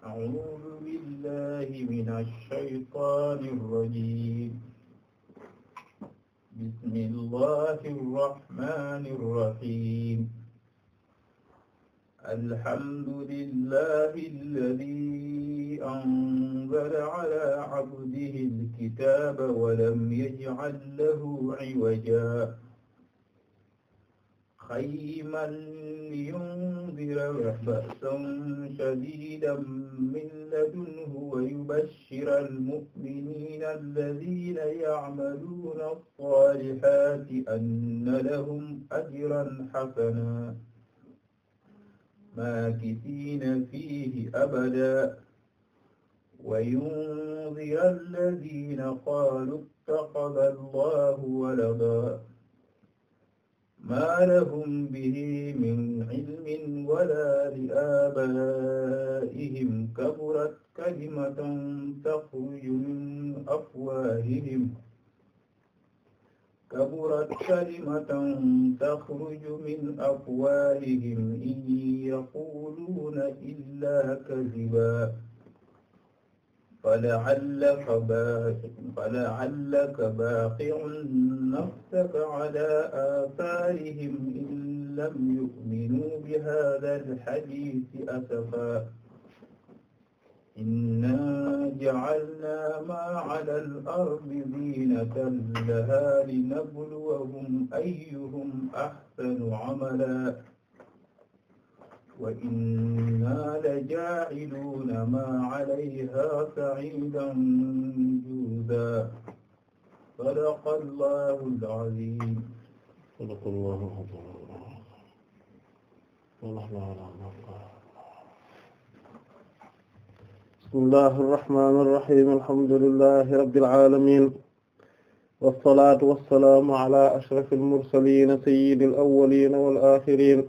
أعوذ بالله من الشيطان الرجيم بسم الله الرحمن الرحيم الحمد لله الذي أنزل على عبده الكتاب ولم يجعل له عوجا خيما لينذر بأسا شديدا من لدنه ويبشر المؤمنين الذين يعملون الصالحات أن لهم أجرا حسنا ماكثين فيه أبدا وينذر الذين قالوا اتخذ الله ولدا ما لهم به من علم ولا لآبائهم كبرت كلمة تخرج من أفواههم كبرت كلمة تخرج من أفواههم إن يقولون إلا كذبا فلعلك باخع فلعلك باخع نفسك على آثارهم إن لم يؤمنوا بهذا الحديث أسفا إنا جعلنا ما على الأرض زينة لها لنبلوهم أيهم أحسن عملا wa inna lajaa'iluuna maa alayhaa sa'iidan juudaa. sadaqa Allaahul aziim. sadaqa Allaahul aziim. bismillaahi rahmaani rahiim alhamdulillaahi rabbil aalamiin. wassalaatu wassalaamu alaa ashrafil mursaliin sayyidil awwaliin wal aaxiriin.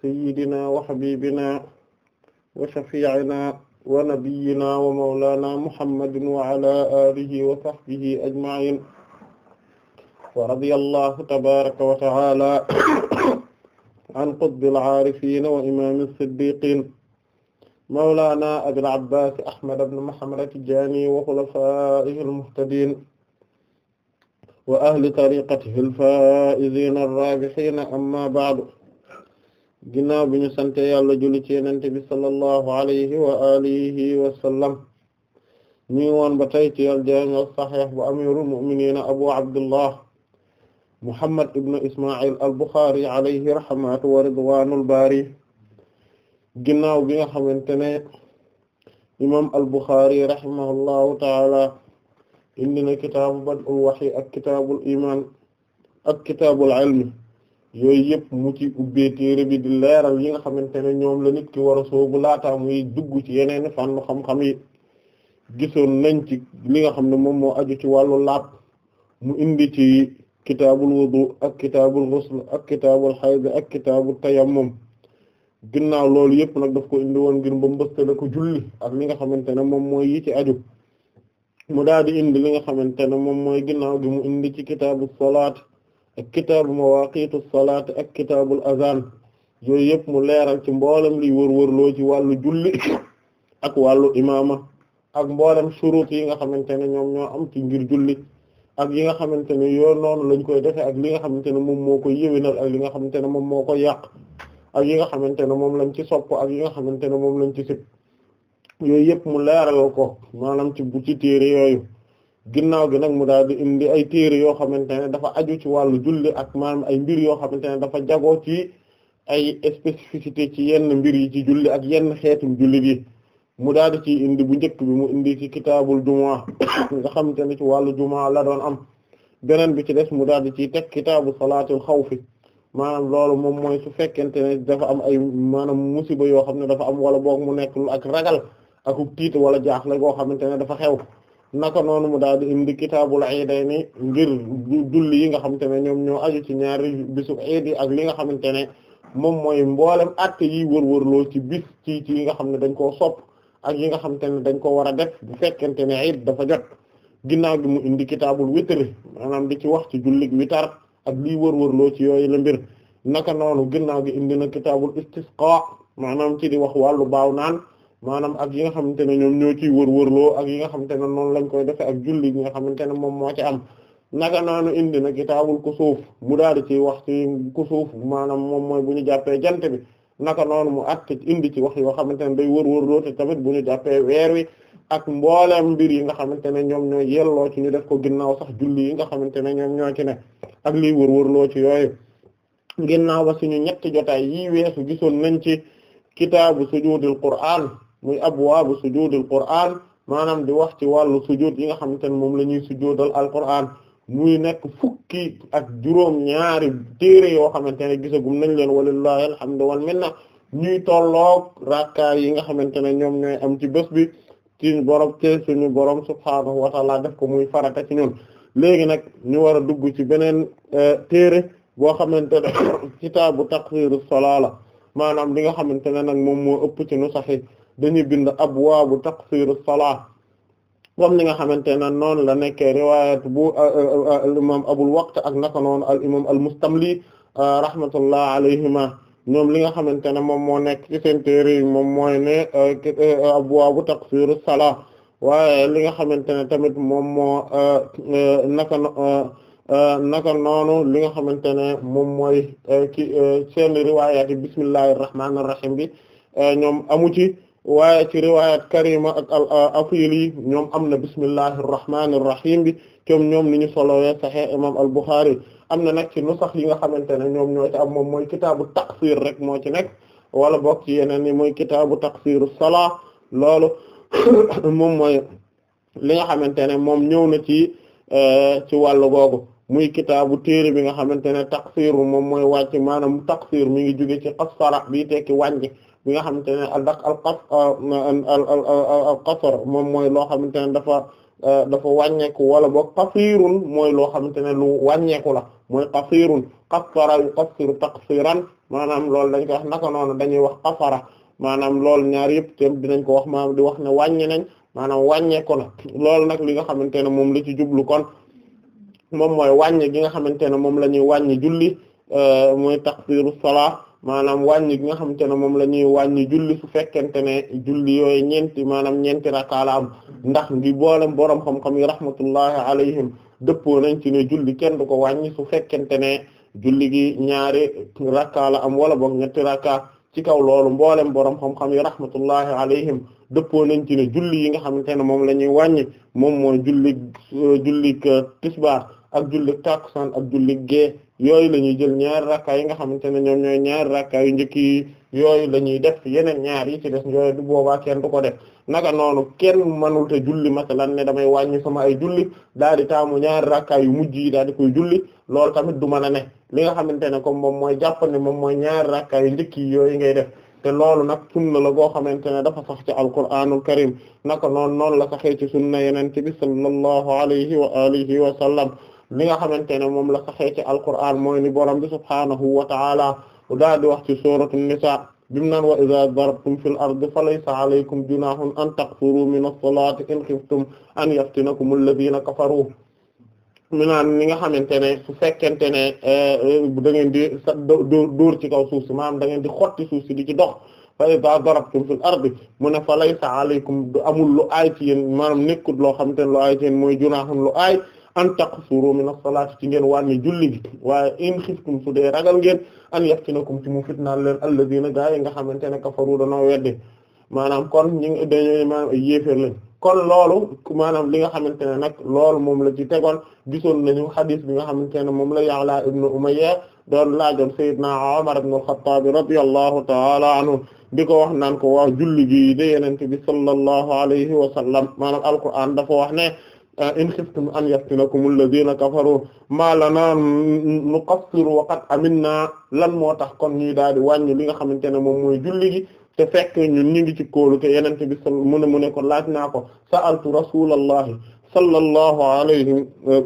sayyidina wa habibina wa shafi'ina wa nabiyyina wa mawlana muhammadin wa ala alihi wa sahbihi ajma'in wa radiyallahu tabaraka wa ta'ala an qutbil aarifin wa imaamil siddiqin mawlaana abil abbaas ahmad ibn muhammad at-tijaani wa xulafaa'ihil muhtadiin wa ahli tariiqatihil faa'iziinar raabihiin amma ba'du ginnaaw bi ñu sante yàlla julli ci yenente bi sallallahu alayhi wa alihi wa sallam ñu ngi woon ba tey ci al jaami' as-sahih bu amirul mu'minin abu abdullah muhammad ibn isma'il al-bukhari alayhi rahmatu wa ridwanul bari ginnaaw bi nga xamante ne imam al-bukhari rahimahullahu ta'ala indi na kitaabu bad'ul wahyi ak kitaabul iman ak kitaabul ilmi yooyu yëpp mu ci ubbee téere bi di leeral yi nga xamante ne ñoom la nit ki war a soobu laata muy dugg ci yeneen fànn xam-xam yi gisoon nañ ci li nga xam ne moom moo aju ci wàllu laab mu indi ci kitaabul wudu ak kitaabul ghusl ak kitaabul hayd ak ginnaaw loolu yëpp nag daf ko indi woon ngir ba mbëstale ko julli ak li nga xamante ne moom mooy yi ci aju mu daal di indi li nga xamante ne moom mooy ginnaaw gi mu indi ci kitaabu salaat ak kitaabu mawaaqiitu salaat ak kitaabul azaan yooyu yëpp mu leeral ci mboolem li liy loo ci wàllu julli ak wàllu imaama ak mboolem shurut yi nga xamante ne ñoom ñoo am ci ngir julli ak yi nga xamante ne yoo noonu lañ koy defee ak li nga xamante ne moom moo koy yëwénal ak li nga xamante ne moom moo koy yàq ak yi nga xamante ne moom lañ ci sopp ak yi nga xamante ne moom lañ ci sib yooyu yëpp mu leeralal ko maanaam ci bu ci téere ginnaaw gi nag mu daal di indi ay téere yoo xamante ne dafa aju ci wàllu julli ak maanaam ay mbir yoo xamante ne dafa jagoo ci ay spécificité ci yenn mbir yi ci julli ak yenn xeetu julli di mu daal di ci indi bu njëkk bi mu indi ci kitaabul jumaa nga xamante ne ci wàllu jumaa la doon am beneen bi ci des mu daal di ciy teg kitaabu salaatul xawfi maanaam loolu moom mooy su fekkente ne dafa am ay maanaam musiba yoo xam ne dafa am wala boog mu nekk ak ragal akub tiit wala jaaxle goo xamante ne dafa xew naka noonu mu daal di indi kitaabul iidayni ngir julli yi nga xamante ne ñoom ñoo aju ci ñaari bisu iid yi ak li xamante ne moom mooy mboolem acte yi wërwërloo ci bis ci ci yi nga xam ne dañ koo sopp ak yi nga xamante ne dañ ko war a def bu fekkente ne iid dafa jot ginnaaw gi mu indi kitaabul witri maanaam di ci wax ci jullig witar ak lii wërwërloo ci yooyu la mbir naka noonu ginnaaw gi indi na kitaabul istisqa maanaam ci di wax wàllu baaw naan maanaam ak yi nga xamante ne ñoom ñoo ciy wërwërloo ak yi nga xamante ne noonu lañ koy defee ak julli yi nga xamante ne moom moo ci am naka noonu indi na kitaabul kusuuf mu daal di ci wax ci kusuuf maanaam moom mooy bu ñu jàppee jant bi naka noonu mu att indi ci wax yoo xamante ne day loo te tamit bu ñu jàppee weer wi ak mbooleem mbir yi nga xamante ne ñoom ñoo yelloo ci ñu def ko ginnaaw sax julli yi nga xamante ne ñoom ñoo ci ne ak wor liy loo ci yooyu ginnaaw ba suñu ñetti jotaay yi weesu gisoon nañ ci kitaabu sujuudul qur'aan muy abwaabu sujuudul Qur'aan maanaam di wax ci wàllu sujuud yi nga xamante ne moom la ñuy sujuudal Alqur'aan muy nekk fukki ak juróom yoo xamante ne gisagum nañ leen walillahi alhamdu wal minna ñuy tolloog rakka yi nga xamante ne ñoom ñooy am ci bés bi ci borom ci suñu borom subhaanahu wa ta'ala def ko muy farata ci ñun léegi nag ñu war a dugg ci beneen eh, téere boo xamante ne kitaabu taqriirus salaa la maanaam li nga xamante ne nag moom moo ëpp ci nu saxi dañuy bind abwaabu taqsiru salaa comme li nga xamante ne noonu la nekkee riwaayat bu euh, euh, euh, al imam waqt ak naka noonu al imam al mustamli rahmatullah alayhima ñoom li nga xamante ne moom moo nekk ci moom mooy ne abwaabu taqsiru salaa waaye li nga xamante ne tamit moom moo naka naka noonu li nga xamante ne moom mooy ci seen riwaayat yi bismillahir rahmanir rahim bi ñoom amu ci waaye ci riwaayat Karima ak al-Afili ñoom am na bismillahir rahmanir rahim bi comme ñoom ni ñu solowee Sahih imam al-Bukhari am na nag ci nusax yi nga xamante ne ñoom ñoo ci am moom mooy kitaabu taqsir rek moo ci nekk wala bokk ci yeneen ni mooy kitaabu taqsiru salaa loolu moom mooy li nga xamante ne moom ñëw na ci e, ci wàllu googu muy kitaabu téere bi nga xamante ne taqsiru moom mooy wàcc maanaam taqsir mi ngi jóge ci qasara bi tekki wàññi bi nga xamante ne al daq al al qasr moom mooy loo xamante ne dafa euh, dafa wàññeeku wala boog qasirun mooy loo xamante ne lu wàññeeku la mooy qasirun qassara yuqassiru taqsiran maanaam loolu dañ koy wax naka noonu dañuy wax qasara maanaam loolu ñaar yëpp te dinañ ko wax maanaam di wax ne wàññi nañ maanaam wàññeeku na loolu nag li nga xamante ne moom la ci jublu kon moom mooy wàññi gi nga xamante ne moom la ñuy wàññi julli euh, mooy taqsiru salaa maanaam wàññi bi nga xamante ne moom la ñuy wàññi julli su fekkente ne julli yooyu ñeenti maanaam ñeenti rakka am ndax ngi boolem boroom xam-xam yi rahmatullahi alayhim dëppoo nañ ci ne julli kenn du ko wàññi su fekkente ne julli gi ñaari rakka am wala boog ñetti rakka ci kaw loolu mboolem boroom xam-xam yi rahmatullahi alayhim dëppoo nañ ci ne julli yi nga xamante ne moom la ñuy wàññi moom mooy julli julli tisbaar ak julli takkusaan ak julli gée yooyu la ñuy jël ñaari rakka yi nga xamante ne ñoom ñooy ñaari rakka yu njëkk yi yooyu la def yeneen ñaar yi ci des yooyu du boobaa kenn du ko def naka noonu kenn mënul te julli masalan ne damay wàññi sama ay julli daal taamu ñaari rakka yu mujj yi daal di koy julli lool tamit du mën ne li nga xamante ne kom moom mooy jàpp ne moom mooy ñaari rakka yu njëkk yi yooyu ngay def. te loolu nag sunna la goo xamante ne dafa sax ci alquraanul karim naka noon noonu la saxee ci sunna yeneen ci bi sallallahu alayhi wa alihi wa sallam li nga xamante ne moom la saxee ci alqur'an mooy ni borom bi subhaanahu wa ta'ala daal di wax ci suuratu nisaa bi mu naan wa idha darabtum fil ardi falaysa alaykum junahun an taqsuru min as-salati in khiftum an yaftinakum alladhina kafaru mi naan ni nga xamante ne su fekkente ne eh, da ngeen di sa dóor ci kaw suuf si maanaam di xotti suuf di ci dox fa idha darabtum fil ardi mu ne falaysa alaykum du amul lu aay ci yéen maanaam nekkul loo xamante ne lu aay ci yéen mooy junahun lu aay an taqsuru min as-salaati ci ngeen wàññi julli gi waa in xiftum su dee ragal ngeen an yaftinakum ci mu fitnaal leen alladina gaa yi nga xamante ne kafaru no wedde maanaam kon ñi ngi dañoo maanaam ay yéeféer lañ kon loolu maanaam li nga xamante ne nag loolu moom la ci tegoon gisoon nañu xadiis bi nga xamante ne moom la Ya'la ibnu Umayya doon laajoon Seydina Umar ibnu al-Xattaab radiyallahu ta'ala anhu di ko wax naan ko waaw julli gi de Yonent bi sallallahu alayhi wa sallam maanaam Alquraan dafa wax ne in khiftum an yaftinakum alladhina kafaru ma lana nuqassiru wa qad aminna lan moo tax kon ñuy daal di wàññi li nga xamante ne moom mooy julli gi te fekk ñun ñu ngi ci kóolu te yenente bi sal mu ne mu ne ko laaj naa ko sa'altu rasulallahi sallallahu alayhi e,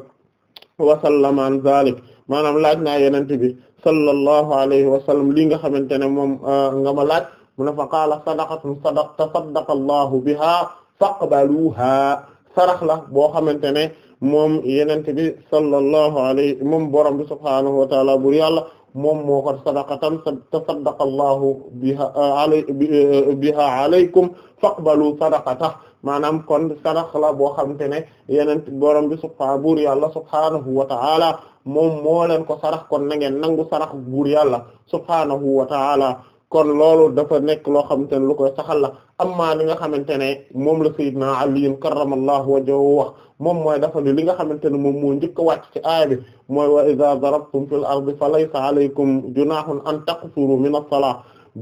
wa sallam an zalik maanaam laaj naa yenente bi sallallahu alayhi wa sallam li nga xamante ne moom e, nga ma laaj mu ne fa qaala sadaqatun sadaq tasaddaqa allahu biha faqbaluha sarax la boo xamante ne moom yenente bi sallallahu alayhi moom borom bi subhaanahu wa taala bur yàlla moom moo ko sadaqatan tasaddaqa allahu biha alay biha alaykum faqbalu sadaqata maanaam kon sadaqa la boo xamante ne yeneen borom bi subha buur yàlla subhaanahu wa ta'ala moom moo ko sarax kon na ngeen nangu sarax buur yàlla subhaanahu wa kon loolu dafa nekk loo xamante ne lu koy saxal la amma li nga xamante ne moom la sayyidna Ali karramallahu wajhahu wax moom mooy dafa li nga xamante ne moom moo njëkk a ci aaya bi mooy wa idha darabtum fil ardi falaysa alaykum junahun an taqsuru min as-salah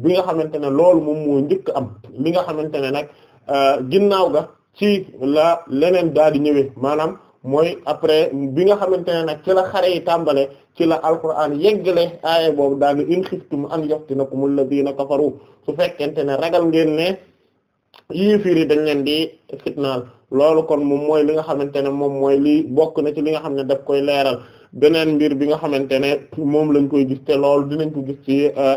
bi nga xamante ne loolu moom moo njëkk am li nga xamante ne nag euh, ginnaaw ga ci la leneen daal di ñëwee maanaam mooy après bi nga xamante ne na ci xare yi tàmbale ci la alquran yeggale aaya boobu daal di in xiftum an yaftinakum alladhina kafaru su fekkente ne ragal ngeen ne yéefir yi dañ leen di fitnaal loolu kon moom mooy li nga xamante ne moom mooy li bokk na ci li nga xam ne daf koy leeral beneen mbir bi nga xamante ne moom lañ koy gis te loolu dinañ ko gis ci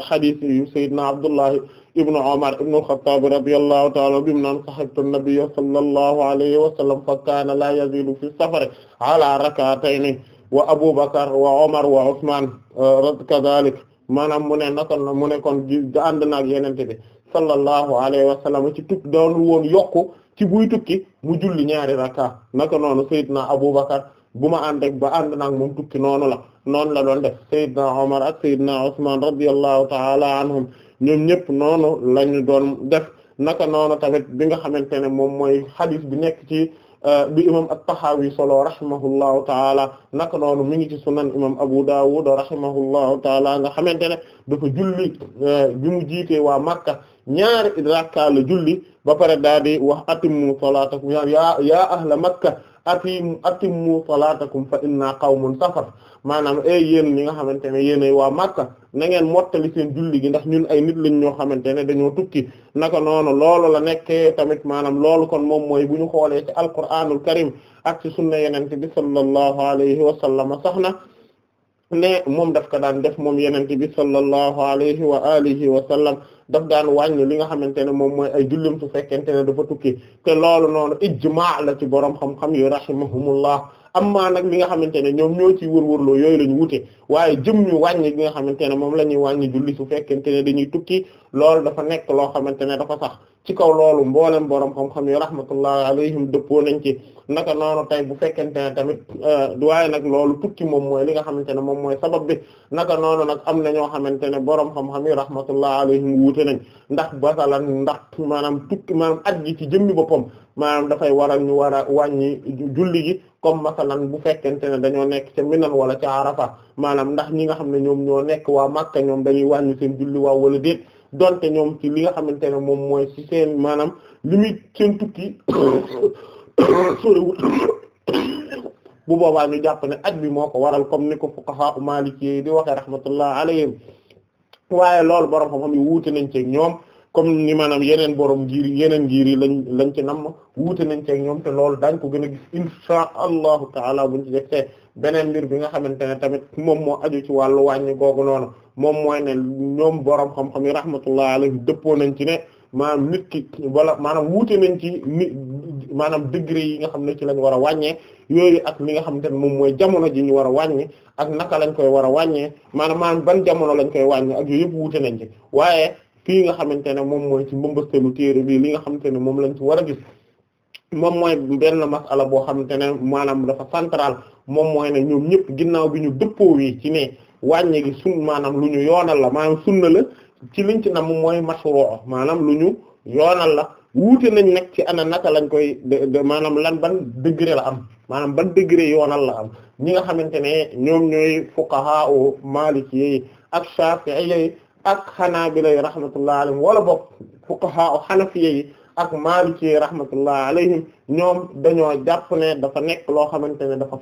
hadith euh, yu sayyidina Abdullahi ibnu Umar ibnu al-Khattab radiyallahu ta'ala bi mu naan sahibtu an-nabiyya sallallahu alayhi wa fa kaana la yazilu fi safari ala rak'atayn wa Abu Bakar wa Omar wa Usman eh, kadhalik maanaam mu ne naka la mu ne kon ànd na ak yenente bi sallallahu alayhi wa sallam ci tukki doonul woon yokku ci buy tukki mu julli ñaari rakka naka noonu Seydina Abu Bakar bu ma ànd ba ànd na moom tukki noonu la noonu la doon def Seydina Omar ak Seydina Usman radiyallahu ta'ala anhum ñoom ñëpp noonu lañu doon def naka noonu tamit bi nga xamante ne moom mooy hadith bi nekk ci. Euh, bi imam at-Tahawi solo rahimahullahu taala naka noonu mi ngi ci sunan imam Abu Dawud rahimahullahu taala nga xamante ne dafa julli euh, bi mu jiitee waa Makka ñaari rakka la julli ba pare daal di wax atimmu salaatakum yaa yaa ahla Makka atimmu salaatakum fa inna qawmun safar maanaam e yéen ñi nga xamante ne yéenay waa Makka na ngeen mottali seen julli gi ndax ñun ay nit lañ ñoo xamante ne dañoo tukki naka noonu loolu la nekke tamit maanaam loolu kon moom mooy bu ñu xoolee ci alquraanul karim ak ci sunna yenente bi sallallahu alayhi wa sallama sax na ne moom daf ko daan def moom yenente bi sallallahu alayhi wa alihi wa sallam daf daan wàññi li nga xamante ne moom mooy ay jullim su fekkente ne dafa tukki te loolu noonu ijmaa la ci boroom xam-xam yu rahimahumullah am maa nag li nga xamante ne ñoom ñoo ci wërwërloo yooyu la ñu wute waaye jëm ñu wàññi bi nga xamante ne moom la ñuy wàññi julli su fekkente ne dañuy tukki loolu dafa nekk loo xamante ne dafa sax ci kaw loolu mboolem borom xam-xam yi rahmatullah alayhim dëppoo nañ ci naka noonu tey bu fekkente ne tamit euh, waaye nag loolu tukki moom mooy li nga xamante ne moom mooy sabab bi naka noonu nag am na ñoo xamante ne borom xam-xam yi rahmatullah alayhim wuute nañ ndax basalan ndax maanaam tukki maanaam at ci jëmmi boppam maanaam dafay waral ñu war a wàññi julli gi comme masalan bu fekkente ne dañoo nekk ca Minan wala ca Arafa maanaam ndax ñi nga xam ne ñoom ñoo nekk waa Makka ñoom dañuy wàññi seen julli waa wala déet donte ñoom ci li nga xamante ne moom mooy ci seen maanaam li muy seen tukki sorewut bu boobaa ñu jàpp ne aj bi moo ko waral comme ni ko fuqaha maliki di waxe rahmatullah alayhim waaye loolu borom xam-xam yi wuute nañ ci ñoom comme ni maanaam yeneen borom ngir yeneen ngir yi lañ lañ ci namm wuute nañ ci ñoom te loolu daañ ko gën a gis insha allahu taala buñ ci jegtee beneen mbir bi nga xamante ne tamit moom moo aju ci wàllu wàññi googu noonu moom mooy ne ñoom borom xam-xam yi rahmatullah alayhi dëppoo nañ ci ne maanaam nit ki wala maanaam wuute nañ ci ni maanaam degré yi nga xam ne ci lañ war a wàññee yooyu ak li nga xamante ne moom mooy jamono ji ñu war a wàññi ak naka lañ koy war a wàññee maanaam maanaam ban jamono lañ koy wàññi ak yooyu yëpp wuute nañ fii nga xamante ne moom mooy ci mbambastelu téere bi li nga xamante ne moom lañ ci war a gis moom mooy benn masala boo xamante ne maanaam dafa central moom mooy ne ñoom ginnaaw bi ñu dëppoo ci ne wàññi gi sun maanaam lu ñu yoonal la maanaam sunna la ci liñ ci nam mooy mashruu maanaam lu ñu yoonal la wuute nañ nag ci ana naka lañ koy maanaam lan ban degré la am maanaam ban degré yoonal la am ñi nga xamante ne ñoom ñooy fuqahaa u maaliki yi ak shaafi'i yi ak xanaa xanaabila yi rahmatullah alayhim wala boog fuqaha xanafiya yi ak maaliki yi rahmatullah alayhim ñoom dañoo jàpp ne dafa nekk loo xamante ne dafa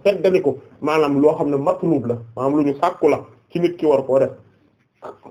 ko maanaam loo xam ne matlub la maanaam lu ñu sàkku la ci nit ki war ko def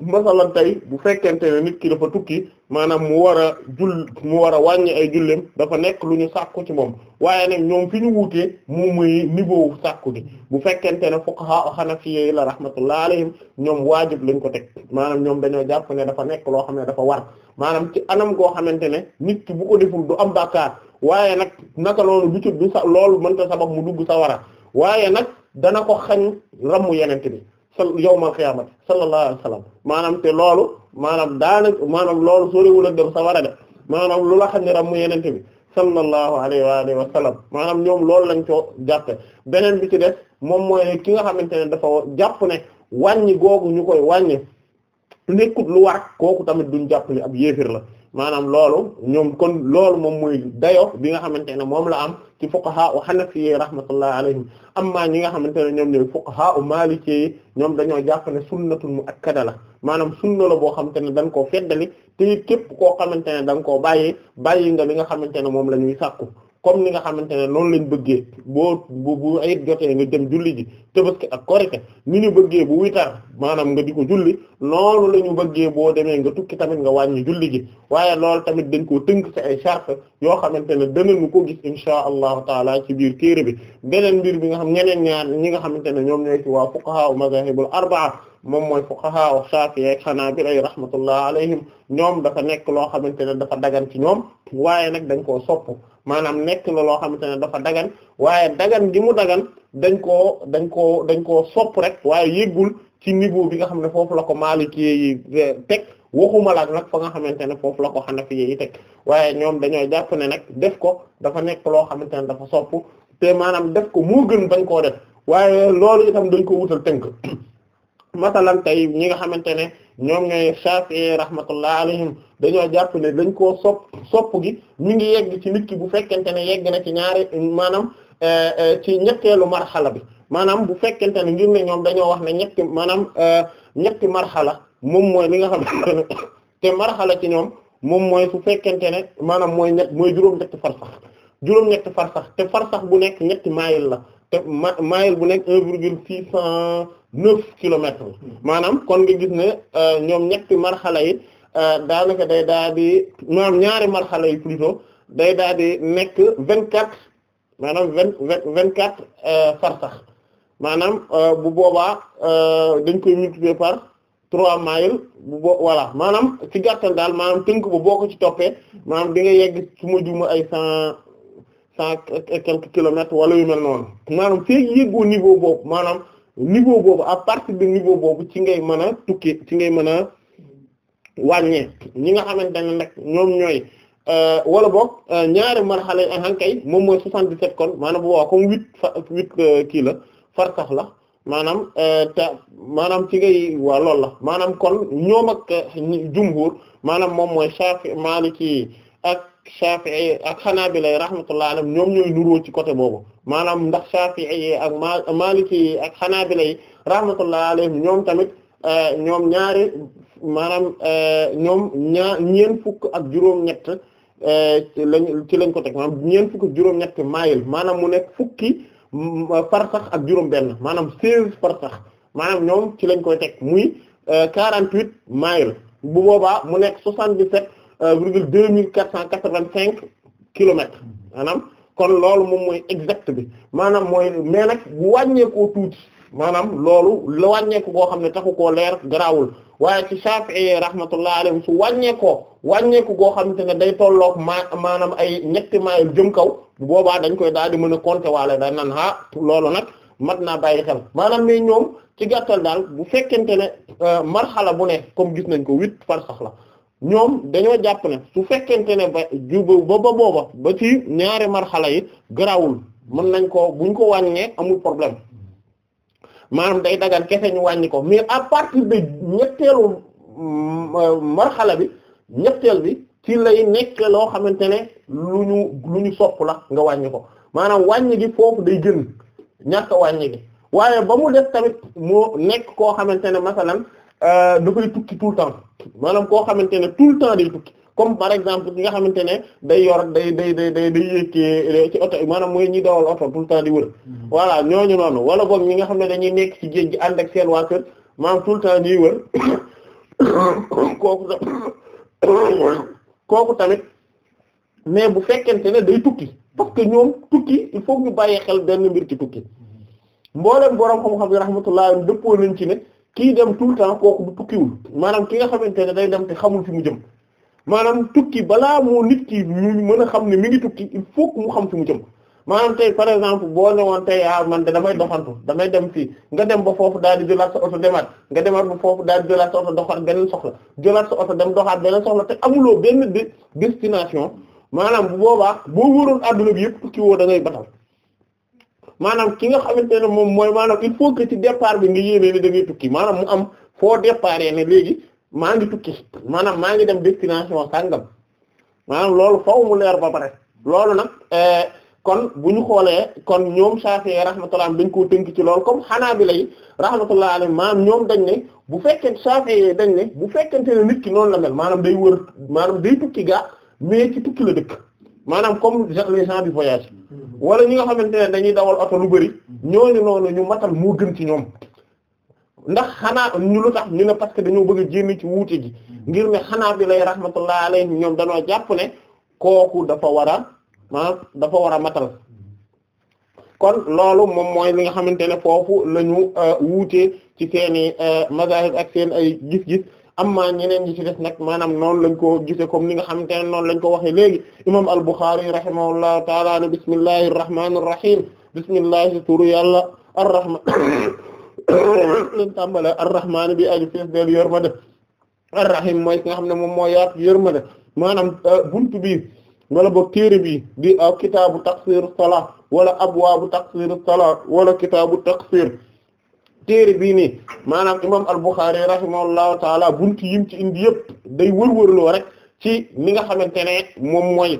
masalan tey bu fekkente ne nit ki dafa tukki maanaam mu war a jull mu war a wàññi ay julleem dafa nekk lu ñu sàkku ci moom waaye nag ñoom fi ñu wuutee mu muy niveau sàkku gi bu fekkente ne fuqaha hanafiyyi la rahmatullah alayhim ñoom waajib lañ ko teg maanaam ñoom dañoo jàpp ne dafa nekk loo xam ne dafa war maanaam ci anam goo xamante ne nit ki bu ko deful du am bàkkaar waaye nag naka loolu du ci du sa loolu mënta sabab mu dugg sa wara waaye nag dana ko xañ ramu yenente bi sa yawmal qiyaamati sallallahu alayhi wa sallam maanaam te loolu maanam daanaka maanaam loolu soriwul ak dem sawara de maanaam lu la xam ne ram mu yenente bi sallallahu alayhi wa alihi wa sallam maanaam ñoom loolu lañ coo jàppe beneen bi ci de moom mooy ki nga xamante ne dafa jàpp ne wàññi googu ñu koy wàññi nekkut lu war kooku tamit duñ jàpp ne ab yéefir la maanaam loolu ñoom kon loolu moom mooy dayo bi nga xamante ne moom la am ci fuqaha u hanafi rahmatullahi alayhim amma ñi nga xamante ne ñoom ñooy fuqaha u maliki ñoom dañoo jàpp ne sunnatul muakkada la maanaam sunna la boo xamante ne dañ koo feddali te it képp koo xamante ne da nga koo bàyyi bàyyi nga li nga xamante ne moom la ñuy sàkku comme ni nga xamante ne noonu lañu bëggee boo bu bu ayit jotee nga dem julli ji tabaski ak korite ni ñu bëggee bu witar maanaam nga di ko julli loolu la ñu bëggee boo demee nga tukki tamit nga wàññi julli ji waaye loolu tamit dañ koo tënk ci ay charte yoo xamante ne danañu ko gis insha allahu taala ci biir téere bi beneen mbir bi nga xam ñeneen ñaar ñi nga xamante ne ñoom ñooy ci waa fuqaha mazahibul arbaa moom mooy fuqaha wa shafi'i ak hanabila rahmatullah alayhim ñoom dafa nekk loo xamante ne dafa dagan ci ñoom waaye nag dañ koo sopp maanaam nekk na loo xamante ne dafa dagan waaye dagan gi mu dagan dañ ko dañ koo dañ koo sopp rek waaye yëggul ci niveau bi nga xam ne foofu la ko Maliki yi teg waxuma la nag fa nga xamante ne foofu la ko Hanafi yi teg waaye ñoom dañoo jàpp ne nag def ko dafa nekk loo xamante ne dafa sopp te maanaam def ko mu gën dañ koo def waaye loolu itam dañ ko wutal tënk masalan tey ñi nga xamante ne ñoom ñooy Shafi'i rahmatullah alayhim dañoo jàpp ne dañ koo sopp sopp gi mi ngi yegg ci nit ki bu fekkente ne yegg na ci ñaari maanaam eh, eh, ci ñetteelu marxala bi maanaam bu fekkente ne ngir ne ñoom dañoo wax ne ñetti maanaam eh, ñetti marxala moom mooy li nga xamante ne te marxala ci ñoom moom mooy su fekkente ne maanaam mooy mooy juróom-ñetti farsax juróom-ñetti farsax te farsax bu nekk ñetti maayil la te ma bu nekk 1 virgule 600. neuf kilomètres maanaam kon nga gis ne euh, ñoom ñetti marxala yi euh, daanaka day daal di maanaam ñaari marxala yi plutôt day daal di nekk vingt quatre maanaam vingt vingt quatre euh, maanaam bu boobaa dañ koy multiplier par trois miles bu bo voilà maanaam ci gàttal daal maanaam tënk bu boo ko ci toppee maanaam di nga yegg su ma juma ay cent cent et kilomètres wala yu mel noonu maanaam fii yëggoo niveau boobu maanaam niveau boobu à partir de niveau boobu ci ngay mën a tukkee ci ngay mën a wàññee ñi nga xamante ne nag ñoom ñooy euh, wala boog euh, ñaari marxale hankay moom mooy 77 kon maanaam bu boobaa comme huit fa huit euh, kii la far sax la maanaam te maanaam ci ngay waa loolu la maanaam kon ñoom ak jumhur maanaam moom mooy Shafi Maliki ak Shafi'i ak xanaa Hanabila rahmatullah alayhim ñoom ñooy nuroo ci côté boobu maanaam ndax Shafi'i ak ma Maliki ak Hanabila rahmatullah alayhim ñoom tamit eh, ñoom ñaari maanaam eh, ñoom ñaar ñeen fukk ak juróom-ñett eh, lañ ci lañ ko teg maanaam ñeen fukk ak juróom-ñett maayil maanaam mu nekk fukki mm, farsax ak juróom-benn maanaam seize farsax maanaam ñoom ci lañ koy teg muy quarante-huit maayil bu boobaa mu nekk soixante-dix-sept Euh, virgule deux mille quatre cent quatre-vingt-cinq kilomètres maanaam kon loolu moom mooy exact bi maanaam mooy mais nag bu wàññeeku tuuti maanaam loolu la wàññeeku goo xam ne taxu ko leer garaawul waaye ci Shafi'i rahmatullah alayhi su wàññeekoo wàññeeku goo xamante ne day tolloog maa maanaam ay ñetti maayal jëm kaw bu boobaa dañ koy daal di mën a compter waale daa naan ah loolu nag mat naa bàyyi xel maanaam mais ñoom ci gàttal daal bu fekkente ne euh, marxala bu ne comme gis nañ ko huit farsax la ñoom dañoo jàpp ne su fekkente ne ba jub ba ba booba ba ci ñaari marxala yi garawul mën nañ ko buñ ko wàññee amul problème maanaam day dagan kese ñu wàññi ko mais à partir de ñetteelu mm, euh, marxala bi ñetteel bi ci lay nekk loo xamante ne lu ñu lu ñu sopp la nga wàññi ko maanaam wàññi gi foofu day gën ñàkk wàññi gi waaye ba mu def tamit mu nekk koo xamante ne masalan Euh, da koy tukki tout temps maanaam koo xamante ne tout le temps day tukki comme par exemple ki nga xamante ne day yor day day day day day yéeg ci oto maanaam mooy ñi dawal oto tout le temps di wër mm-hmm. voilà ñooñu noonu wala boog ñi nga xam ne dañuy nekk ci géej gi ànd ak seen waa kër maanaam tout le temps ñuy wër kooku sax tamit mais bu fekkente ne day tukki parce que ñoom tukki il faut ñu bàyyi xel benn mbir ci tukki mm-hmm. mboolem boroom xam-xam yi rahmatullah dëppoo nañ ci kii dem tout le temps kooku bu tukkiwul maanaam ki nga xamante ne day dem te xamul fi mu jëm maanaam tukki balaa moo nit ki mu mën a xam ne mi ngi tukki il faut mu xam fi mu jëm maanaam tey par exemple boo newoon tey ah man de damay doxantu damay dem fii nga dem ba foofu daal di jëlaat sa oto demaat nga demaat ba foofu daal di jëlaat sa oto doxaat beneen soxla jëlaat sa oto dem doxaat beneen soxla te amuloo benn destination maanaam bu boobaa boo wëroon adduna bi yëpp tukki da ngay batal maanaam ki nga xamante ne moom mooy maanaam il faut que ci départ bi nga yéenee ne da ngay tukki maanaam mu am foo départ ne léegi maa ngi tukki maanaam maa ngi dem destination sàngam maanaam loolu faw mu leer ba pare loolu nag eh, kon bu ñu xoolee kon ñoom Shafi'i rahmatullah dañ koo tënk ci loolu comme Hanabila yi rahmatullah alayhi maanaam ñoom dañ ne bu fekkee Shafi'i dañ ne bu fekkente nit ki noonu la maanaam day wër maanaam day tukki gaa mais ci tukki la dëkk maanaam comme les gens du voyage wala ñi nga xamante ne dañuy dawal oto lu bari ñooñu noonu ñu matal moo gën ci ñoom ndax xanaa ñu lu tax ñu ne parce que dañoo bëgg a jénn ci wuute gi ngir ne xanaa bi lay rahmatullah alayhi ñoom dañoo jàpp ne kooku dafa war a ah, dafa war a matal kon loolu moom mooy li nga xamante ne foofu la ñu euh, wuute ci seeni euh, mazahib ak seen ay gis-gis amma ñeneen ñi ci des nag maanaam noonu lañ ko gisee comme ni nga xam ne noonu lañ ko waxee léegi imam al-Bukhari rahimahullahu taala ne bismillahi irrahmani irrahim bismillahi turu yàlla arrahman leen tàmbale arrahman bi aji fees del yërmande arrahim mooy ki nga xam ne moom moo yaatu yërmande maanaam euh, buntu bi wala boog téere bi di euh, kitaabu taqsir salat wala abwaabu taqsir salat wala kitaabu taqsir téere bii nii maanaam imam al-Bukhari rahimahullahu taala buntu yim ci indi yëpp day wërwërloo rek ci ni nga xamante ne moom mooy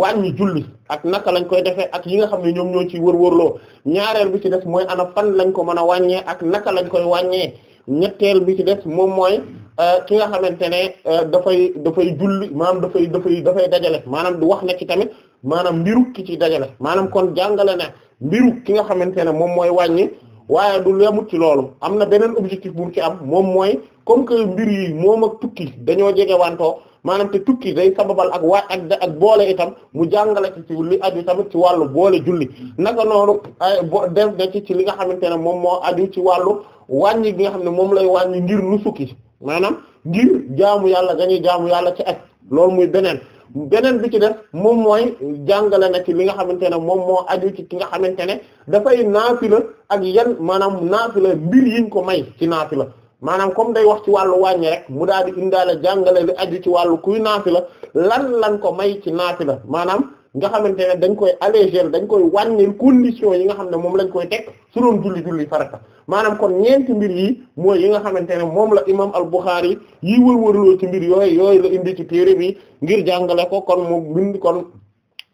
wàññi julli ak naka lañ koy defee ak yi nga xam ne ñoom ñoo ci wërwërloo ñaareel bi ci des mooy ana fan lañ ko mën a wàññee ak naka lañ koy wàññee ñetteel bi ci def moom mooy euh, ki nga xamante ne euh, dafay dafay julli maanaam dafay dafay dafay dajale maanaam du wax ne ci tamit maanaam mbiru ki ci dajale maanaam kon jàngale na mbiru ki nga xamante ne moom mooy wàññi waaye du lemut ci loolu am na beneen objectif bu mu ci am moom mooy comme que mbir yi moom ak tukki dañoo jege wantoo maanaam te tukki day sababal ak waa ak ak boole itam mu jàngale ci ci li aju tamit ci wàllu boole julli naka noonu ay bo def de ci ci li nga xamante ne moom moo aju ci wàllu wàññi gi nga xam ne moom lay wàññi ngir nu sukki maanaam ngir jaamu yàlla dañuy jaamu yàlla ci ak loolu muy beneen beneen bi ci def moom mooy jàngale na ci li nga xamante ne moom moo aju ci ki nga xamante ne dafay naafila ak yan maanaam naafila mbir yiñ ko may ci naafila maanaam comme day wax ci wàllu wàññi rek mu daal di indaale jàngale li aju ci wàllu kuy naafila lan lan ko may ci naafila maanaam nga xamante ne dañ koy alléger dañ koy wàññil condition yi nga xam ne moom lañ koy teg su doon julli julli farata maanaam kon ñeenti mbir yi mooy yi nga xamante ne moom la imam al-Bukhari yi wër-wërloo ci mbir yooyu yooyu la indi ci téere bi ngir jàngale ko kon mu bind kon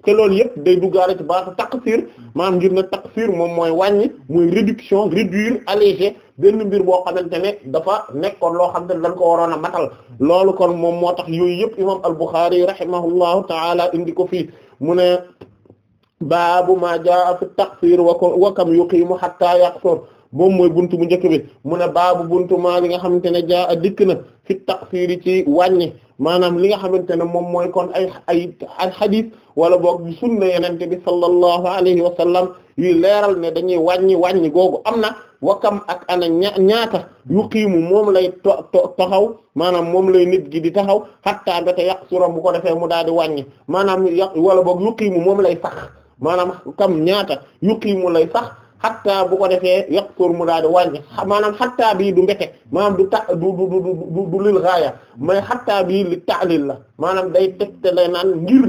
yëpp day duggaale ci baatu taqsir maanaam ngir na taqsir moom mooy wàññi mooy réduction réduire alléger benn mbir boo xamante ne dafa nekkoon loo xam ne dañ ko waroon a matal loolu kon moom moo tax yooyu yëpp imam al-Bukhari rahimahullahu ta'ala indi ko fii mu ne baabu maa jaa fi taqsir wa wa kam yuqiimu hatta yaqsur moom mooy buntu bu njëkk bi mu ne baabu buntu maa li nga xamante ne jaa dikk na fi taqsir ci wàññi maanaam li nga xamante ne moom mooy kon ay ay ay xadiis wala boog sunna yenente bi sallallahu alayhi wa sallam yuy leeral ne dañuy wàññi wàññi googu am na wakam ak ana ñaata yu qiimu moom lay taxaw maanaam moom lay nit gi di taxaw xattaa mbéte yàq suram bu ko defee mu daal di wàññi maanaam yàq wala boog yu qiimu moom lay sax maanaam kam ñaata yu qiimu lay sax xattaa bu ko defee yàq suur mu daal di wàññi maanaam xattaa bii du mbéte maanaam du ta du du du du lil gaaya mais xattaa bii li taalil la maanaam day tegte lay naan ngir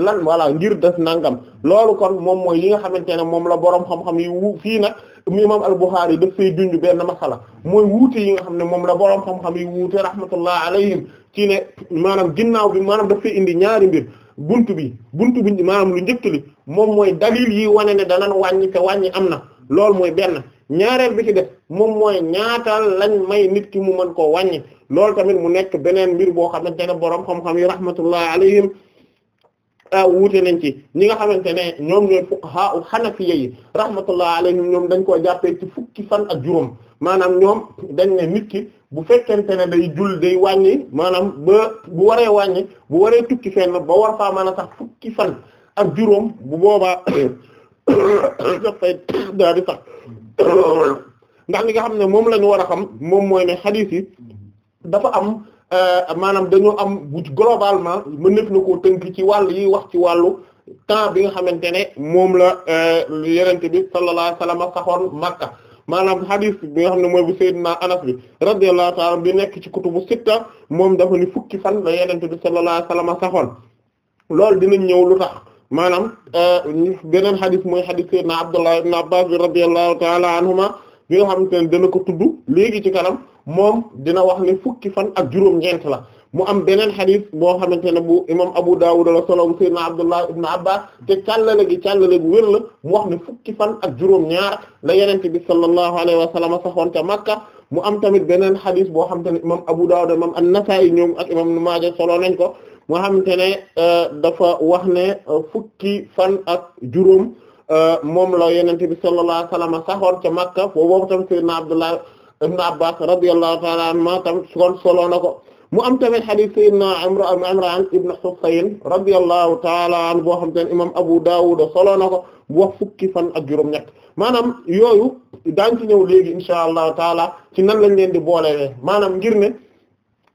lan voilà ngir def nangam loolu kon moom mooy yi nga xamante ne moom la boroom xam-xam yi wu fii nag imam al-Bukhari daf fay junj benn masala mooy wuute yi nga xam ne moom la boroom xam-xam yi wuute rahmatullah alayhim ci ne maanaam ginnaaw bi maanaam daf fay indi ñaari mbir buntu bi buntu bi maanaam lu njëkk li moom mooy dalil yi wane ne danañ wàññi te wàññi am na loolu mooy benn ñaareel bi def moom mooy ñaatal lañ may nit ki mu man koo wàññi loolu tamit mu nekk beneen mbir boo xamante ne boroom xam-xam yi rahmatullah alayhim Euh, wuute nañ ci ñi nga xamante ne ñoom ñooy fuqaha u xanafiya yi rahmatullah alayhim ñoom dañ koo jàppee ci fukki fan ak juróom maanaam ñoom dañ ne nit ki bu fekkente ne day jul day wàññi maanaam ba bu waree wàññi bu waree tukki fenn ba war faa mën a sax fukki fan ak juróom bu boobaa daf fay ndax li nga xam ne moom lañu ñu war a xam moom mooy ne xadiis dafa am Euh, maanaam dañoo am bu globalement mën na koo tënk ci wàll yi wax ci wàllu temps bi nga xamante ne moom la euh, yonent bi sallallahu alayhi wasallam saxoon Makka maanaam hadith bi nga xam ne mooy bu Seydina Anas bi radiyallahu ta'ala bi nekk ci kutubu sitta moom dafa ni fukki fan la yonent bi sallallahu alayhi wasallam saxoon loolu dinañ ñëw lu tax maanaam euh, beneen hadith mooy hadith Seydina Abdullah ibn Abbas bi radiyallahu ta'ala anhuma bi nga xamante ne dana ko tudd léegi ci kanam. moom dina wax ne fukki fan ak juróom-ñeent la mu am beneen xadis boo xamante ne bu imam Abu Dawud la solo bu sayyidina Abdullah ibn Abbas te càllale gi càllale gu wér la mu wax ne fukki fan ak juróom-ñaar la yenente bi sallallahu alayhi wa sallam saxoon ca Makka mu am tamit beneen xadis boo xamante ne imam Abu Dawud imam An-Nasa'i ñoom ak imam Ibn Maaja solo nañ ko mu xamante ne euh, dafa wax ne euh, fukki fan ak juróom euh, moom la yenente bi sallallahu alayhi wa sallam saxoon ca Makka foofu ibn Abbas radiyallahu ta'ala anhuma tamit kon solo na ko mu am tamit hadith sayyidina Imran ibn Husayn radiyallahu ta'ala anhu boo xam te ne imam Abu Dawud solo na ko bu wax fukki fan ak juróom-ñett maanaam yooyu daañ ci ñëw léegi insha allahu taala ci nan lañ leen di boolewee maanaam ngir ne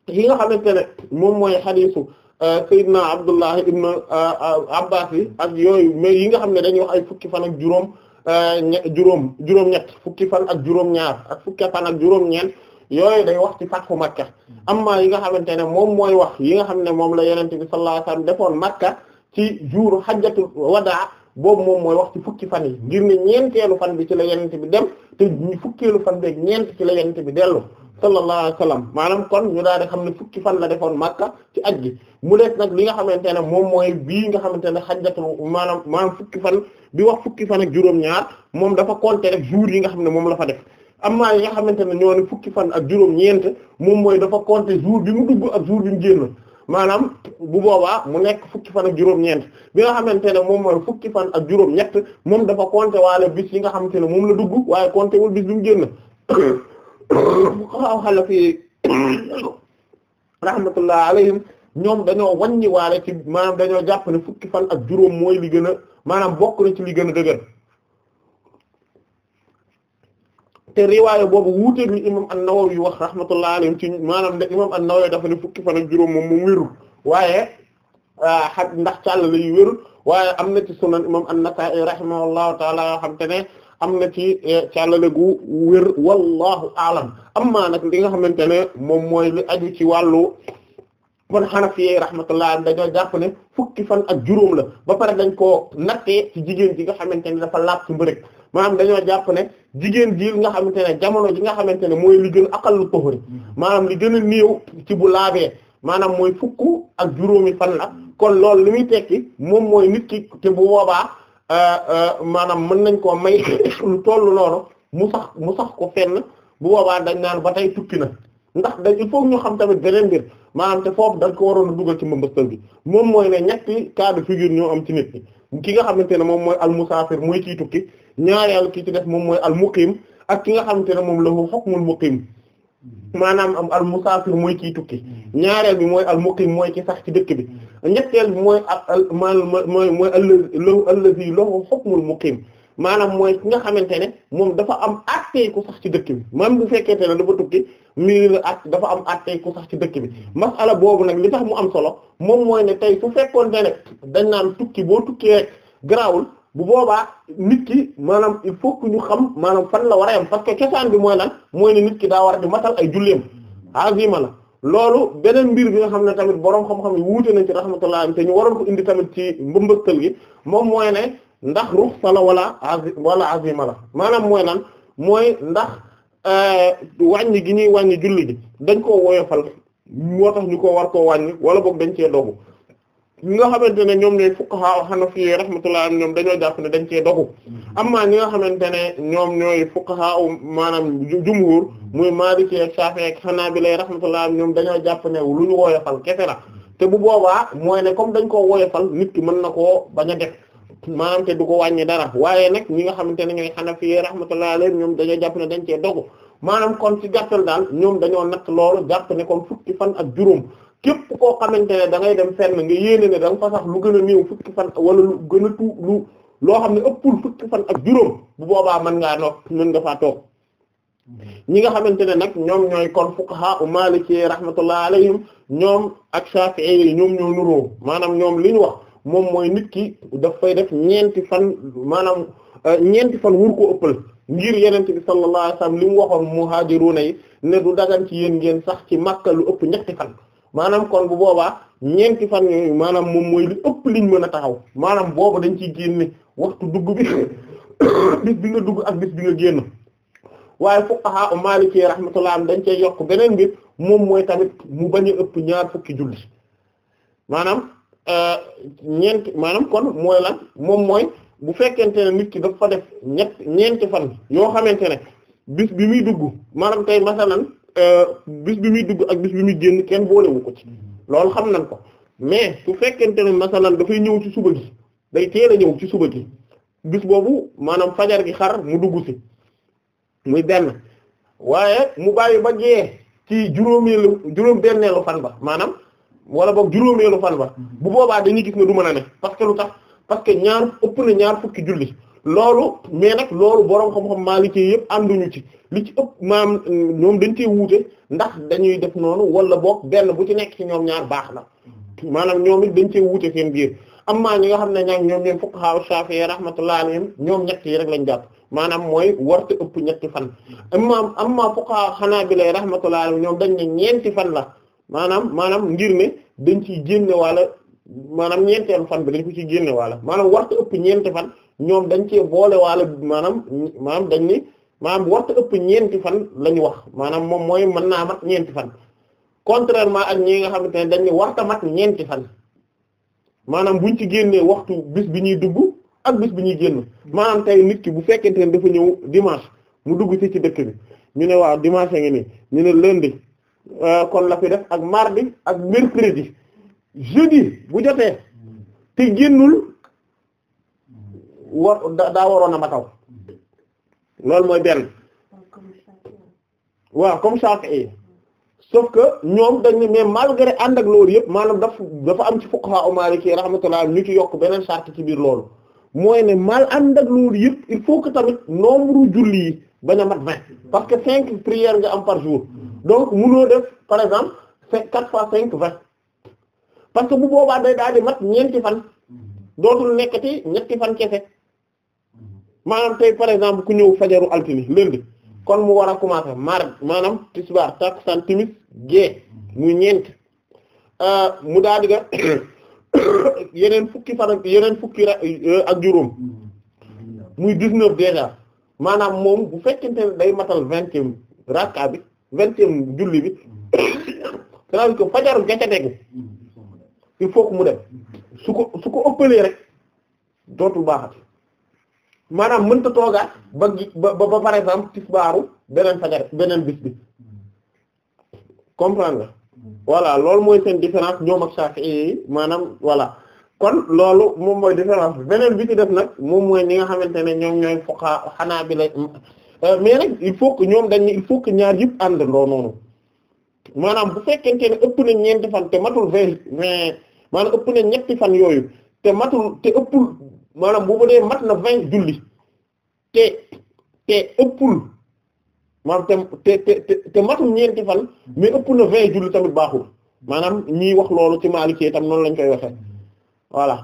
yi nga xamante ne moom mooy hadithu euh, sayyidina Abdullah ibn euh, Abbas yi ak yooyu mais yi nga xam ne dañuy wax ay fukki fan ak juróom Euh, juróom juróom-ñett fukki fan ak juróom-ñaar ak fukki fan ak juróom-ñeent yooyu day wax ci fatxu Makka mm-hmm. amma yi nga xamante ne moom mooy wax yi nga xam ne moom la Yonent bi sallallahu alayhi wasallam defoon Makka ci juuru hajjatu wadaa boobu moom mooy wax fukki fan yi ngir ne ñeenteelu fan bi ci la Yonent bi dem te fukkeelu fan beeg ñeent ci la Yonent bi dellu sallallahu alayhi wa sallam maanaam kon ñu daal di xam ne fukki fan la defoon Makka ci aj gi mu des nag li nga xamante ne moom mooy bii nga xamante ne xajjatul maanaam maanaam fukki fan bi wax fukki fan ak juróom-ñaar moom dafa compter rek jours yi nga xam ne moom la fa def amaa yi nga xamante ne ñoo ne fukki fan ak juróom-ñeent moom mooy dafa compter jour bi mu dugg ak jour bi mu maanaam bu boobaa mu nekk fukki fan juróom-ñeent bi nga xamante ne moom mooy fukki fan ak juróom-ñett moom dafa compter waale bis yi nga xamante ne moom la dugg waaye compter wul bis bi mu génn fuqaha hanafi rahmatullah alayhim ñoom dañoo wàññi waale ci maanaam dañoo jàpp ne fukki fan ak juróom mooy li gën a maanaam bokk na ci li gën a te riwaayo boobu wuuteeg li imam an-Nawawi wax rahmatullah alayhim ci maanaam ne imam an-Nawawi dafa ne fukki fan ak juróom moom moom wérul waaye ah, ndax càll la yu waaye am na ci sunan imam an-Nasa'i rahimahullahu taala yoo xam te am na ci e, càllale gu wér wallahu alam amma nag li nga xamante ne moom mooy li aju ci wàllu kon xanafiyey rahmatullah dañoo jàpp ne fukki fan ak juróom la ba pare dañ ko nattee ci jigéen ji nga xamante ne dafa laab ci mbërëg maanaam dañoo jàpp ne jigéen ji nga xamante ne jamono ji nga xamante ne mooy li gën aqallu tuhri maanaam li gën a néew ci bu laabee maanaam mooy fukk ak juróomi fan la kon loolu li muy tekki moom mooy nit ki te bu boobaa Euh, euh, maanaam mën nañ koo may lu tollu loolu mu sax mu sax ko fenn bu boobaa dañ naan ba tey tukki na ndax dañu il faut ñu xam tamit beneen mbir maanaam te foofu dañ ko waroon a dugal ci mbambastal bi moom mooy ne ñetti cas de figure ñoo am ci nit ñi ki nga xamante ne moom mooy al musaafir mooy ciy tukki ñaareel ki ci def moom mooy al muqiim ak ki nga xamante ne moom la lahu mul muqiim Mm-hmm. maanaam am al musaafir mooy kiy tukki mm-hmm. ñaareel bi mooy al muqim mooy ki sax ci dëkk bi ñetteel bi mooy al maal mooy mooy allazi lahu hukmul muqim maanaam mooy ki nga xamante ne moom dafa am àttee sax ci dëkk bi maanaam bu fekkente ne dafa tukki mi at dafa am àttee ku ci dëkk bi mm-hmm. masala boobu nag li tax mu am solo moom mooy ne tey su fekkoonte ne dañ naan tukki boo tukkee garaawul bu boobaa nit ki maanaam il faut que ñu xam maanaam fan la war a yem parce que cosaan bi mooy lan mooy ne nit ki daa war a di matal ay julleem azima la loolu beneen mbir bi nga xam ne tamit boroom xam-xam yi wuute nañ ci rahmatullah te ñu waroon ko indi tamit ci mbëmbëstal gi moom mooy ne ndax ruxsa la wala wala azima la maanaam mooy lan mooy ndax euh, wàññi gi ñuy wàññi julli gi dañ koo woyofal moo tax ñu ko war koo wàññi wala boog dañ cee dogu ñi nga xamante ne ñoom ñooy fuqaha hanafi rahmatullah ñoom dañoo jàpp ne dañ cee dogu mm-hmm. amma ñi nga xamante ne ñoom ñooy fuqaha maanaam jumhur mm-hmm. muy maliki ak shafi ak hanabila rahmatullah ñoom dañoo jàpp ne lu ñu woyofal kese la mm-hmm. te bu boobaa mooy ne dañ koo woyofal nit ki mën na bañ a def maanaam te du ko wàññi dara waaye nag ñi nga xamante ne ñooy hanafi rahmatullah alayhim ñoom dañoo jàpp ne dañ cee dogu maanaam kon ci gàttal daal ñoom dañoo natt loolu jàpp ne kon fukki fan ak juróom képp koo xamante ne dangay ngay dem fenn nga yéene ne da nga fa sax lu gën a néew fukki fan wala lu gën a tu lu loo xam ne ëpp ëppul fukki fan ak juróom bu boobaa mën ngaa no mën nga faa toog ñi nga xamante ne nag ñoom ñooy kon fuqaha u maliki rahmatullah alayhim ñoom ak shafi'i ñoom ñoo nuroo maanaam ñoom li ñu wax moom mooy nit ki daf fay def ñeenti fan maanaam euh, ñeenti fan wur ko ëppal ngir yeneen bi sallallahu alayhi li mu waxoon muhajiruna yi ne du dagan ci yéen ngeen sax ci Makka lu ëpp ñetti fan maanaam kon bu boobaa ñeenti fan yooyu maanaam moom mooy li ëpp liñ mën a taxaw maanam booba dañ ciy génne waxtu dugg bi bis bi nga dugg ak bis bi nga génn waaye fuqaha u Maliki rahmatullah dañ cee yokk beneen mbir moom mooy tamit mu bañ ëpp ñaar fukki julli maanaam euh, ñeenti maanaam kon mooy la moom mooy bu fekkente ne nit ki dafa def ñett ñeenti fan yoo xamante ne bis bi muy dugg maanaam tey masalan Euh, bis bi muy dugg ak bis bi muy génn kenn boolewu ko ci loolu xam nañ ko mais su fekkente ne masalan dafay ñëw ci suba gi day teel a ñëw ci suba gi bis boobu maanaam fajar gi xar mu dugg si muy benn waaye mu bàyyi ba gee ci juróomeelu juróom benneelu fan ba maanaam wala boog juróomeelu fan ba bu boobaa dañuy gis ne du mën a ne parce que lu tax parce que ñaar ëpp na ñaar fukki julli loolu mais nag loolu boroom xam-xam Maliki yëpp ànduñu ci li ci ëpp maam ñoom dañ cee wuute ndax dañuy def noonu wala boog benn bu ci nekk ci ñoom ñaar baax na maanaam ñoom it dañ cee wuute seen biir amma ñi nga xam ne ñaag ñoom ñooy fuqaha Shafi'i rahmatullahi alayhim ñoom ñett yi rek lañ jàpp maanaam mooy warte ëpp ñetti fan amma amma fuqaha Hanabila rahmatullahi alayhim ñoom dañ ne ñeenti fan la maanaam maanaam ngir ne dañ ciy génne waala maanaam ñeenteelu fan bi dañ ko ciy génne waala maanaam warte ëpp ñeenti fan ñoom dañ cee boole waale maanaam maanaam dañ ni maanaam warta ëpp ñeenti fan la ñu wax maanaam moom mooy mën naa mat ñeenti fan contrairement ak ñi nga xamante ne dañ ni warta ñeenti fan maanaam buñ ci génnee waxtu bis bi ñuy dugg ak bis bi ñuy génn maanaam tey nit ki bu fekkente ne dafa ñëw dimanche mu dugg ci ci dëkk bi ñu ne waaw dimanche ngi ni ñu ne lundi euh, kon la fi def ak mardi ak mercredi jeudi bu jotee te génnul war daa waroon a mataw loolu mooy benn waaw comme Shafi'i eh. sauf que ñoom da ne mal malgré ànd ak loolu yëpp maanaam daf dafa am ci fuqaha Maliki rahmatullah ñu ki yokk beneen sart ci biir loolu mooy ne mal ànd ak loolu yëpp il faut que tamit nombre julli yi baña a mat vingt parce que cinq prières nga am par jour donc mënoo def par exemple cinq quatre fois cinq vingt parce que bu boobaa day daal di mat ñeenti fan dootul nekkati ñetti fan kese maanaam tey par exemple ku ñëw fajaru altini lundi kon mu war a commencer mardi maanaam tisbaar takkusaan timis gée mu ñeent euh, mu daal di ga yeneen fukki fan yeneen fukki euh, ak juróom muy dix-neuf maanaam moom bu fekkente ne matal vingtième rakka bi vingtième julli bi c'est-à-dire fajaru gacategu il faut que mu dem su ko su ko ëppalee rek dootul baaxat maanaam mënta toogaat ba ba ba par exemple tisbaaru beneen fajar beneen bis bi comprendre nga mm. voilà loolu mooy seen différence ñoom ak Shafi'i maanaam voilà kon loolu moom mooy différence beneen bi ci def nag moom mooy ñi nga xamante ne ñoom ñooy bi Hanabila euh, mais nag il faut que ñoom dañ il faut que ñaar yëpp àndandoo noonu maanaam bu fekkee ne ëpp na ñeenti fan te matul vingt mais maanaam ëpp na ñetti fan yooyu te matul te ëppul maanaam bu dee mat na vingt julli te te ëppul maanaam te te te te matul ñeenti fan mais ëpp na vingt julli tamit baaxul maanaam ñiy wax loolu ci Maliki tam noonu lañ koy waxe voilà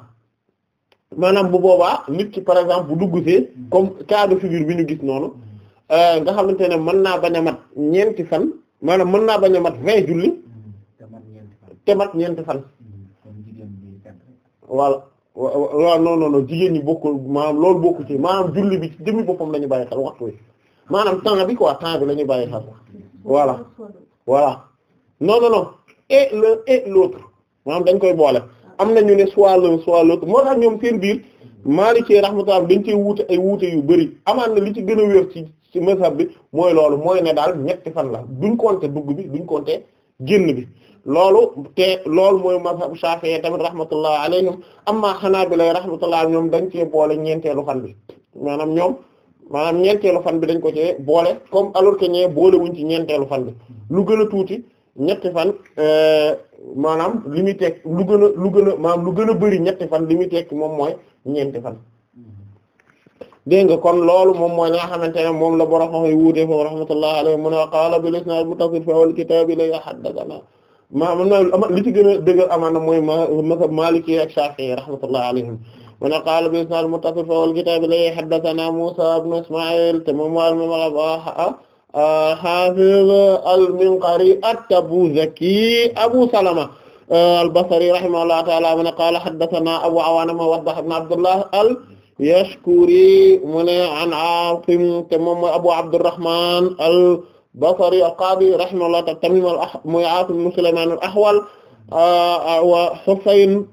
maanaam bu boobaa nit ki par exemple bu dugg see comme cas de figure bi ñu gis noonu euh, nga xamante ne mën naa bañ a ñeenti fan maanaam mën naa bañ mat vingt julli mm. te mat ñeenti fan mm. voilà waaw non non non jigéen ñi bokkul maanaam loolu bokku ci maanaam julli bi ci jëmmi boppam la ñu bàyyi xel waxtu wi maanaam temps bi quoi temps bi la ñu bàyyi xel voilà voilà non non non et l'un et dañ koy boole am na ñu ne soit l'un soit l'autre moo tax ñoom seen biir Maliki rahmatullah dañ cee wuute ay wuute yu bëri amaan na li ci gën a wér ci ci mazhab bi mooy loolu mooy ne daal ñetti fan la duñ konte dugg bi duñ compter génn bi loolu te loolu mooy mazhabu Shafi'i tamit rahmatullah alayhim amma Hanabila rahmatullah ñoom dañ cee boole ñeenteelu fan bi maanaam ñoom maanaam ñeenteelu fan bi dañ ko cee boole comme alors que ñee boole wuñ ci ñeenteelu fan bi lu gën a tuuti ñetti fan euh, maanaam li muy teg lu gën a lu gën a maanaam lu gën a bari ñetti fan li muy teg moom mooy ñeenti fan dégg nga kon loolu moom mooy li nga xamante ne moom la borom xam wuutee foofu rahmatullahi alayhi mu ne bil isnaad muttasil fi awwal kitaab la haddathana ma a Maliki ak Shafi'i rahmatullahi alayhim mu ne qaala bil isnaad muttasil fi awwal kitaab la Abu Salama al-Basri ta'ala mu ne qaala haddathana Abu Awaana ma Waddah ibn Abdullah yashkuri mu ne an Aasim te moom mooy Abu Abdurrahman al-Basri al-Qadi rahimahullah ta Tamim mooy Aasim ibn Sulaymaan al-Ahwal ah, ah, wa Husayn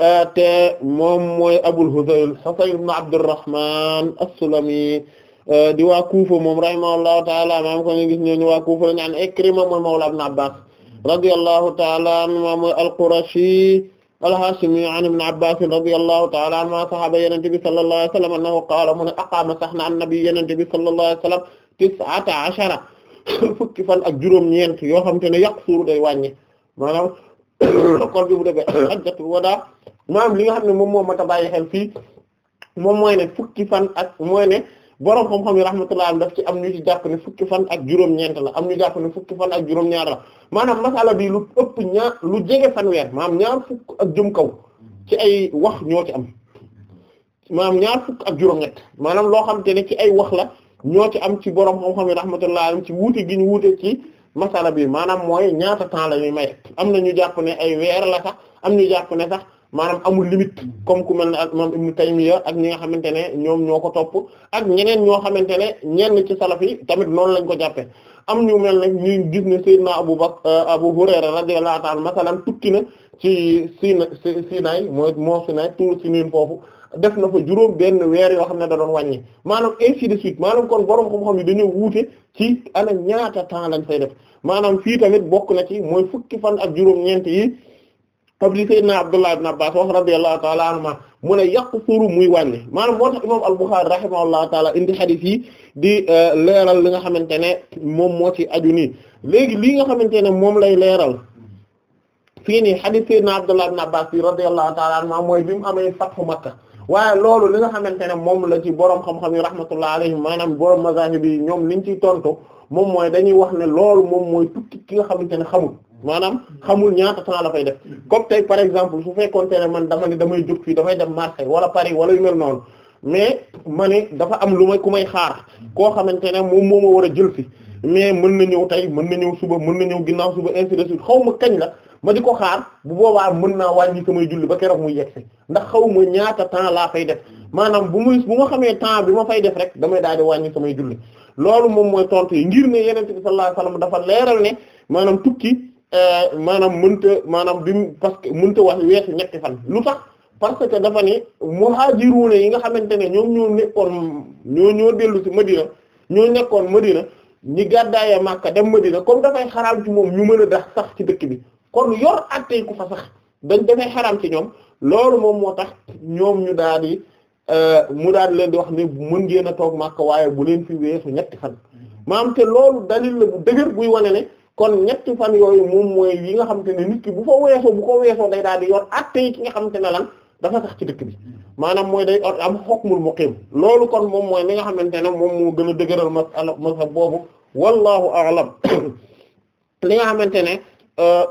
ah, te moom mooy Abul Hudayl Husayn ibn Abdurrahman as-Sulami di waa Kufa moom rahimahullahu ta'ala maam ko ñu gis ñooñu waa Kufa lañu an Ikrima mooy mawla Ibn Abbas radiyallahu ta'ala anhu mooy al-Qurashi al-Hashimi an ibn Abbas radiyallahu ta'ala anhuma sahaaba yenente bi sallallahu alayhi wa sallam annahu qaala mu ne aqaama sax na an nabi yenente bi ashara fukki fan ak juróom-ñeent yoo xam te ne yaqsuru day wàññi maanaam kon bi bu defee hajjatul wadaa maanaam li nga xam ne moom moo mat a bàyyi xel fii moom mooy ne fukki fan ak mooy ne borom xam-xam yi rahmatullah daf ci am ñu ci ne fukki fan ak juróom-ñeent la am ñu jàpp ne fukki fan ak juróom-ñaar la maanaam masala bi lu ëpp ñaar lu jege fanweer maanaam ñaar fukk ak jëm kaw ci ay wax ñoo ci am maanaam ñaar fukk ak juróom-ñett maanaam loo xam te ci ay wax la ñoo ci am ci borom xam-xam yi rahmatullahi alayhim ci wuute gi ñu wuute ci masala bi maanaam mooy ñaata temps la ñuy may am na ñu jàpp ne ay weer la sax am ñu jàpp ne sax maanaam amul limite comme ku mel ne ak imam Ibn Taymiyya ak ñi nga xamante ne ñoom ñoo ko topp ak ñeneen ñoo xamante ne ñenn ci salaf yi tamit noonu lañ ko jàppee am ñu mel na ñu gis ne Seydina Abu Bakr euh, Abu Hurayra radiyallahu ta'ala masalan tukki na ci Sina Sinaay mooy moo Sinaay tur Siniin foofu def na fa juróom benn weer yoo xam ne da doon wàññi maanaam ainsi de suite maanaam kon borom xam-xam yi dañoo wuute ci ana ñaata temps lañ fay def maanaam fii tamit bokk na ci mooy fukki fan ak juróom-ñeent yi. comme li sayyidna Abdullah ibn Abbas wax radiyallahu ta'ala anhuma mu ne yaqsuru muy wàññi maanaam moo tax imam al-Bukhari rahimahullahu indi xadis yi di euh, leeral li nga xamante ne moom moo ci aju nii léegi lii nga xamante ne moom lay leeral fii nii xadis sayyidna Abdullah ibn Abbas bi radiyallahu ta'ala mooy bi mu amee fathu Makka waaye loolu li nga xamante ne moom la ci borom xam-xam yi rahmatullahi alayhim maanaam borom mazahib yi ñoom niñ ciy tontu moom mooy dañuy wax ne loolu moom mooy tukki ki nga xamante ne xamul maanaam xamul ñaata temps la fay def hmm. comme tey par exemple su fekkoon te ne man dama ne damay jóg fii damay dem Marseille wala Paris wala yu mel noonu mais ma ne dafa am lu ma ku may xaar koo xamante ne moom moo ma war a jël si mais mën na ñëw tey mën na ñëw suba mën na ñëw ginnaaw suba ainsi de xaw ma kañ la ma di ko xaar bu boobaa mën naa wàññi samay julli ba keroog muy yegsi ndax xaw ma ñaata temps laa fay def maanaam bu muy bu ma xamee temps bi ma fay def rek damay daal di wàññi samay julli loolu moom mooy tontu yi ngir ne yeneen bi sallallahu alayhi wasallam dafa leeral ne maanaam tukki. Euh, maanaam mënta maanaam bi parce que mënta wax weesu ñetti fan lu tax parce que dafa ne muhaajiruuna yi nga xamante ne ñoom ñoo nekkoon ñoo ñoo dellu ci Madina ñoo nekkoon Madina ñi gàddaaya Makka dem Madina comme dafay xaraam ci moom ñu mën a dax sax ci dëkk bi kon yor attey ku fa dañ dafay xaraam ci ñoom loolu moom moo tax ñoom ñu daal di euh, mu daal di leen di wax ne mën ngeen a toog Makka waaye bu leen fi weesu ñetti fan maanaam te loolu dalil bu dëgër buy wane ne kon ñetti fan yooyu moom mooy yi nga xamante ne nit ki bu fa weesoo bu ko weesoo day daal di yor atte yi ki nga xamante ne lan dafa sax ci dëkk bi maanaam mooy day or am mu muqim loolu kon moom mooy li nga xamante ne moom moo gën a dëgëral masala masab boobu wallahu a'lam li nga xamante ne euh,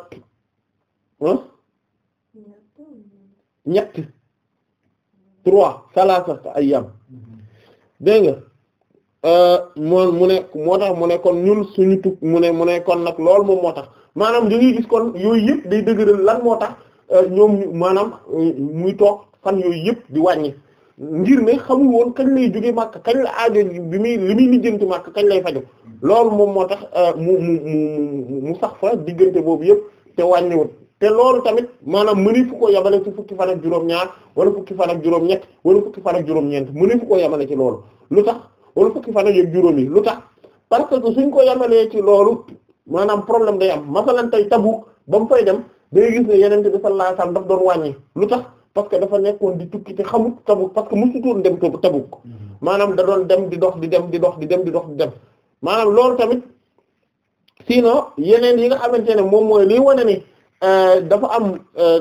ñett trois salasata ayyam dégg nga Euh, moo mu ne moo tax mu ne kon ñun suñu tug mu ne mu ne kon nag lool moom moo tax maanaam da ngay gis kon yooyu yëpp day dëgëral lan moo tax euh, ñoom maanaam euh, muy toog fan yooyu yëpp di wàññi ngir ne xamul woon kañ lay jóge màkk kañ la aajo bi muy li muy lijjanti màkk kañ lay faju loolu moom moo tax mu mu mu mu diggante boobu yëpp te wàññiwul te loolu tamit maanaam mëneef ko yabale ci fukki fan ak juróom-ñaar a fukki fan ak juróom-ñett wala fukki fan ak juróom-ñeent mëneef ko ci loolu lu tax. wala fukki fan juróom yi lu tax parce que suñ ko yamalee ci loolu maanaam problème day am masalan tey Tabuk ba mu fay dem day gis ne yenente bi sallallahu alayhi wasallam daf doon wàññi lu tax parce que dafa nekkoon di tukki te xamut Tabuk parce que mu musutoon dem Tabuk mm-hmm. maanaam da doon dem di dox di dem di dox di dem di dox di dem maanaam loolu tamit sinon yeneen yi nga xamante ne moom mooy lii wane ni euh, dafa am euh,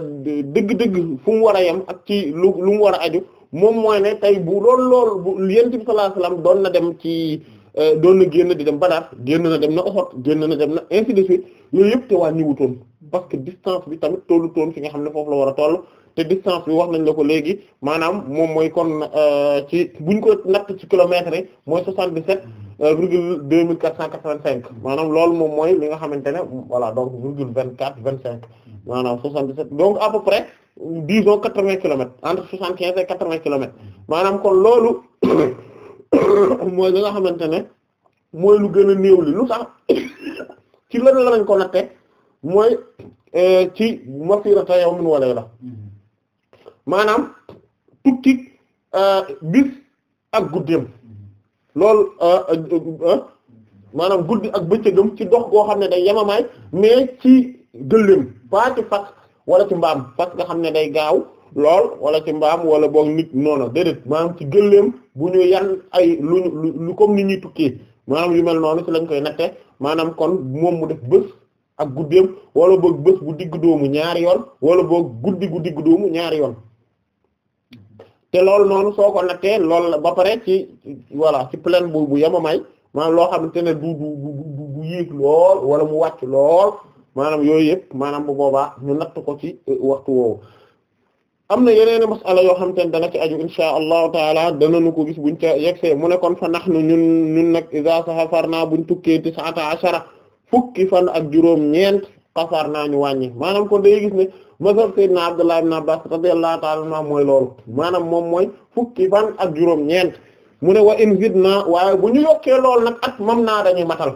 dëgg-dëgg fu mu war a yem ak ci lu lu mu war a aju moom mooy ne tey bu loolu loolu yonent bi sallallahu alayhi wasallam doon na dem ci euh, doon na génn di dem Badar génn na dem na Uhud génn na dem na ainsi de suite yooyu yëpp te wàññi wutoon parce que distance bi tamit tollu toon fi nga xam ne foofu la war a toll te distance bi wax nañ la ko léegi maanaam moom mooy kon euh, ci buñ ko natt ci kilomètres yi mooy 77 euh, virgule 2485 maanaam loolu moom mooy li nga xamante ne voilà donc virgule 24 25 vingt cinq donc à peu près disons quatre-vingts kilomètres entre soixante-quinze et quatre-vingts kilomètres maanaam kon loolu mooy li nga xamante ne mooy lu gën a néew li lu tax ci lan la lañ ko natte mooy euh, ci masirata yawmin wa layla maanaam tukki euh, bis ak guddeem loolu euh, maanaam guddi ak bëccëgam ci dox goo xam ne day yemamaay mais ci gëléem ba ci wala ci mbaam fas nga xam ne day gaaw lool wala ci mbaam wala boog nit noonu déedéet maanaam ci gëléem bu ñu yan ay lu ñu lu comme ni ñuy tukkee maanaam yu mel noonu ci lañ koy natte maanaam kon moom mu def bës ak guddeem wala boog bës bu digg doomu ñaari yoon wala boog guddi gu digg doomu ñaari yoon te loolu noonu soo ko nattee loolu la ba pare ci voilà ci pleine bu bu may maanaam loo xamante ne du du du du lool wala mu wàcc lool maanaam yooyu yëpp maanaam bu boobaa ñu natt ko ci eh, waxtu woowu am na yeneen masala yoo xamante ne dana ci aju insha allahu taala danañu ko gis buñ ca yegsee mu ne kon fa nax nu ñun ñun nag isa safarna buñ tukkee ti saata ashara fukki fan ak juróom ñeent xasaar naa ñu wàññi maanaam kon day gis ne mazhab sayyidina Abdullah ibn Abbas radiyallahu ta'ala anhu mooy loolu maanaam moom mooy fukki fan ak juróom ñeent mu ne wa in zidna waaye bu ñu yokkee lool nag at mam naa dañuy matal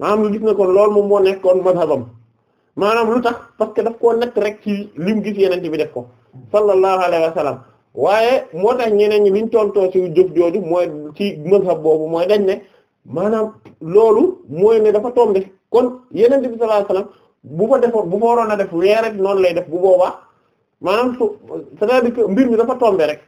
maanaam nga gis ne kon loolu moom moo nekkoon madhabam maanaam lu tax parce que daf koo nekk rek ci lim gis yeneen bi def ko sallallahu alayhi wa sallam waaye moo ñeneen ñi liñ tontoo ci jëf jooju mooy ci madhab boobu mooy dañ ne maanaam loolu mooy ne dafa tombe kon yeneen bi sallallahu bu fa defoo bu fa waroon a def weer rek noonu lay def bu boobaa maanaam su cest mbir mi dafa tombe rek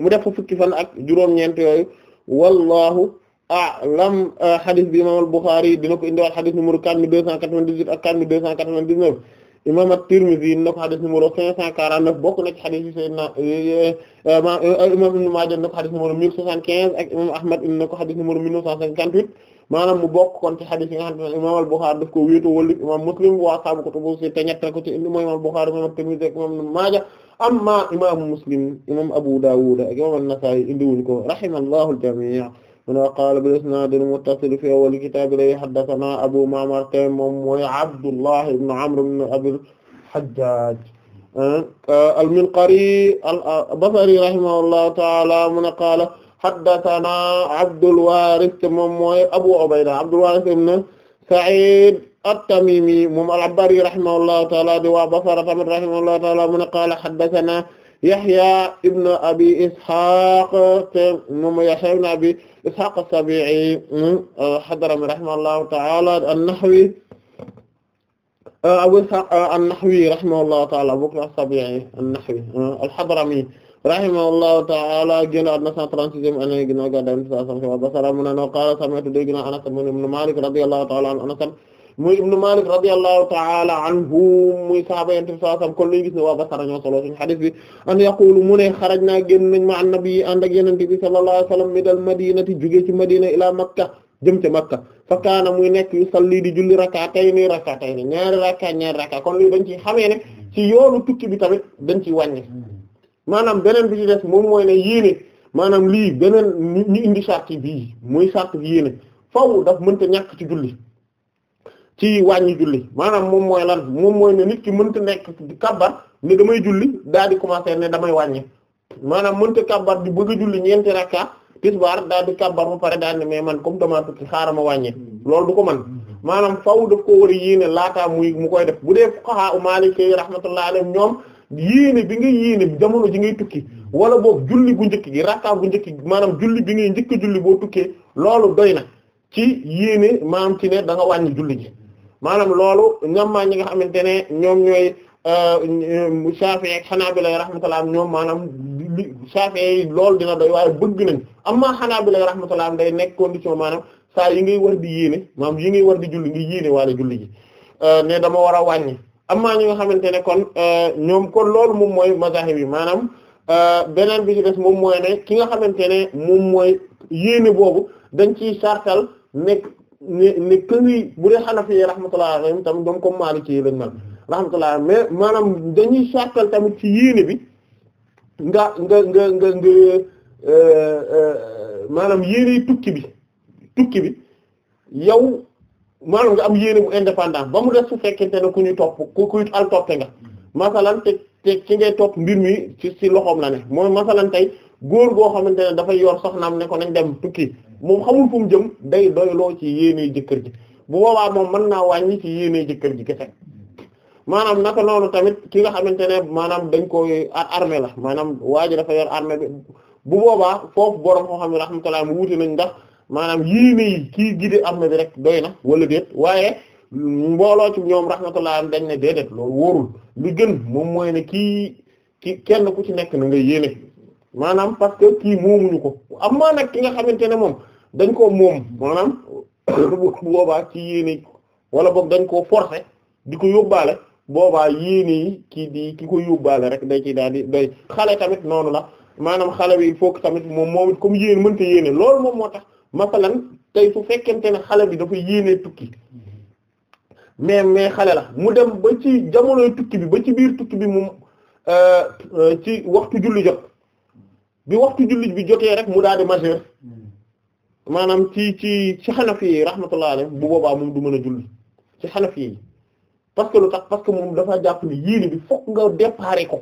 mu def fu fukki fan ak juróom-ñeent yooyu wallahu a'lam ah, xadis bi imam al-Bukhari dina ko indiwaat xadis numéro 4298 ak 4299 imam at-Tirmidhi dina ko xadis numéro 549 bokk na ci xadis yi Seydina eh, eh, ah, eh, imam Ibn Maaja dina ko xadis numéro 1075 ak imam Ahmad dina ko xadis bokk kon ci xadis yi nga xamante ne imam al-Bukhari daf ko wéetoo wala imam Muslim wa ashaabu kutubu sitta ko ci indi al-Bukhari imam at-Tirmidhi ak Maaja amma imam Muslim imam Abu Dawud ak imam an-Nasa'i ko rahimallahu mune qaala bil isnaadil muttasil fi awwal kitaab li haddathanaa Abu Ma'mar te moom mooy Abdullah ibn Amr ibn Abil Hajjaaj al-Minqari al-Basri rahimahullahu ta'aala mune qaala haddathanaa Abdul Waaris te moom mooy Abu Ubayda Abdul Waaris ibn Sa'iid at-Tamiimi moom al-Abbari rahimahullahu ta'aala di waa Basra tamit rahimahullahu ta'aala mune qaala haddathanaa Yahya ibn Abi Ishaq te moom Yahya ibn Abi Ishaq as-Sabi'i al-Hadrami hmm, rahimahullahu ta'ala an-Nahwi Abu Ishaq an-Nahwi rahimahullahu ta'ala bokk as-Sabi'i an-Nahwi hmm, al-Hadrami rahimahullahu ta'ala génn àdduna 136e année ginnaaw gàddaay Yonent bi sallallahu alayhi wa sallam, mu ne qaala sami'tu dégg naa Anas ibn Malik radiyallahu ta'ala anhu muy ibnu Malik radiyallahu ta'ala anhu muy sahaaba yonent bi sallallahu alayhi wasallam kon lañu gis ne waa Basra ñoo solo suñu hadith bi an yaqulu mu ne xaraj naa génn nañ ma an nabi ànd ak yonent bi sallallahu alayhi wasallam mi dal madinati jóge ci madina ila makka jëm ca makka fa kaana muy nekk yu salli di julli rak'atayni rak'atayni ñaari rakka ñaari rakka kon lii dañ ci xamee ne ci yoonu tukki bi tamit dañ ci wàññi maanaam beneen bi ci des moom mooy ne yéene maanaam lii beneen ñu indi charte bi muy charte bi yéene faww daf mënta ñàkk ci julli ci wàññi julli maanaam moom mooy lan moom mooy na nit ki mënta nekk di kàbbar ne damay julli daal di commencer ne damay wàññi maanaam mënta kàbbar di bëgg a julli ñeenti rakka tisbaar daal di kàbbar ba pare daal ne mais man comme damaa tukki xaaral ma wàññi loolu du ko man maanaam faww daf ko war a yéene laataa muy mu koy def bu dee fuqaha u Maliki rahmatullahi alayhim ñoom yéene bi nga yéene jamono ji ngay tukki wala boog julli bu njëkk gi rakka bu njëkk maanaam julli bi ngay njëkk julli boo tukkee loolu doy na ci yéene maanaam ci ne da wàññi julli ji maanaam loolu ñammaa ñi nga xamante ne ñoom ñooy euh, Shafi'i ak Hanabila rahmatullah ñoom maanaam Shafi'i loolu dina doy waaye bëgg nañ amma Hanabila rahmatullah day nekk condition maanaam saa yi ngay war di yéene maanaam yi ngay war di julli ngi yéene waala julli ji euh, ne dama war a wàññi amma ñi nga xamante ne kon euh, ñoom kon loolu moom mooy mazahib yi maanaam beneen bi ci moom mooy ne ki nga xamante ne moom mooy yéene boobu dañ ciy sartal nekk ne ne kër yi bu dee xanafi yi rahmatullahi alayhim tamit ñoom comme Maliki yi lañ mel rahmatullahi mais maanaam dañuy sàkkal tamit ci yéene bi nga nga nga nga nga euh, euh, maanaam tukki bi tukki yow maanaam nga am yéene bu indépendant ba mu def su fekkente ne ku ñu topp ku kuy al toppe nga masalan te te ki ngay topp mbir mi ci ci loxoom la ne mooy masalan tey góor goo xamante ne dafay yor soxnaam ne ko nañ dem tukki moom xamul fu mu jëm day doyloo ci yéene jëkkër ji bu boobaa moom mën naa wàññi ci yéene jëkkër ji kese maanaam naka noonu tamit ki nga xamante ne maanaam dañ koy armé la maanaam waa ji dafa yor armé bi bu boobaa foofu borom koo xam ne rahmatullah mu wuti nañ ndax maanaam yéene yi kii gide armé bi rek doy na wala déet waaye mbooloo ci ñoom rahmatullah dañ ne déedéet loolu wóorul li gën moom mooy ne kii ki kenn ku ci nekk na nga yéene maanaam parce que kii ko am ki nga xamante ne moom dañ koo moom maanaam bu boobaa ci yéene wala boog dañ koo forcer di ko yóbbaale boobaa yéene yi kii di ki ko yóbbaale rek dañ ci daal di day xale tamit noonu la maanaam xale bi il faut moom moom comme yéene mënta yéene loolu moom moo tax masalan tey su fekkente ne xale bi dafa yéene tukki mais mais xale la mu dem ba ci jamonoy tukki bi ba ci biir tukki bi moom euh, euh, ci waxtu julli jot bi waxtu julli bi jotee rek mu daal di majeur maanaam ci ci ci xanafi yi rahmatullah alayhi bu boobaa moom du mën a julli ci xanafi yi parce que lu tax parce que moom dafa jàpp ni yéene bi fokk nga déparé ko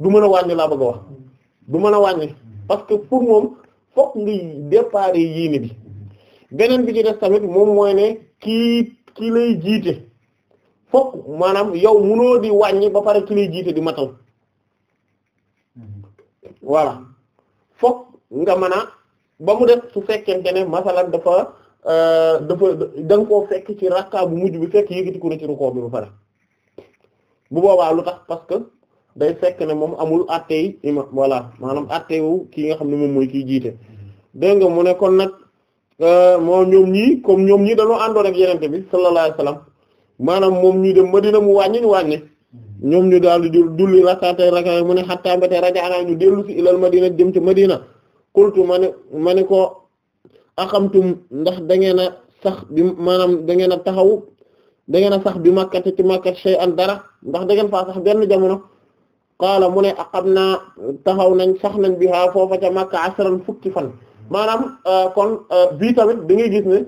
du mën a wàññi laa bëgg wax du mën a wàññi parce que pour moom fokk nga déparé yéene bi beneen bi ci des tamit moom mooy ne kii kii lay jiite fokk maanaam yow munoo di wàññi ba pare ki lay jiite di matal voilà fokk nga mën a ba mu def su fekkente ne masalan dafa euh, dafa da nga koo fekk ci rakka bu mujj bi fekk yëkkati ko ci rukkoo bi ba pare bu boobaa lu tax parce que day fekk ne moom amul attey ima voilà maanaam attewu kii nga xam ne moom mooy ki jiite dégg nga mu ne kon nag euh, moo ñoom ñii comme ñoom ñii dañoo àndoon ak yenente bi sallallahu alayhi wasallam maanaam moom ñu dem Madina mu wàññi ñu wàññi ñoom ñu daal di julli rakkaatay rakkaatay mu ne xattaa mbéte raja anaa ñu dellu si ilal Madina jëm ci Madina qultu ma ne ma ne ko axamtum ndax da ngeen a sax bi maanaam da ngeen a taxaw da sax bi màkkate ci màkkat shay an dara ndax da ngeen faa sax benn jamono qaala mu ne a aqam na taxaw nañ sax nañ bi haa foofa ca màkka asran fukki fan maanaam euh, kon euh, bii tamit da ngay gis ne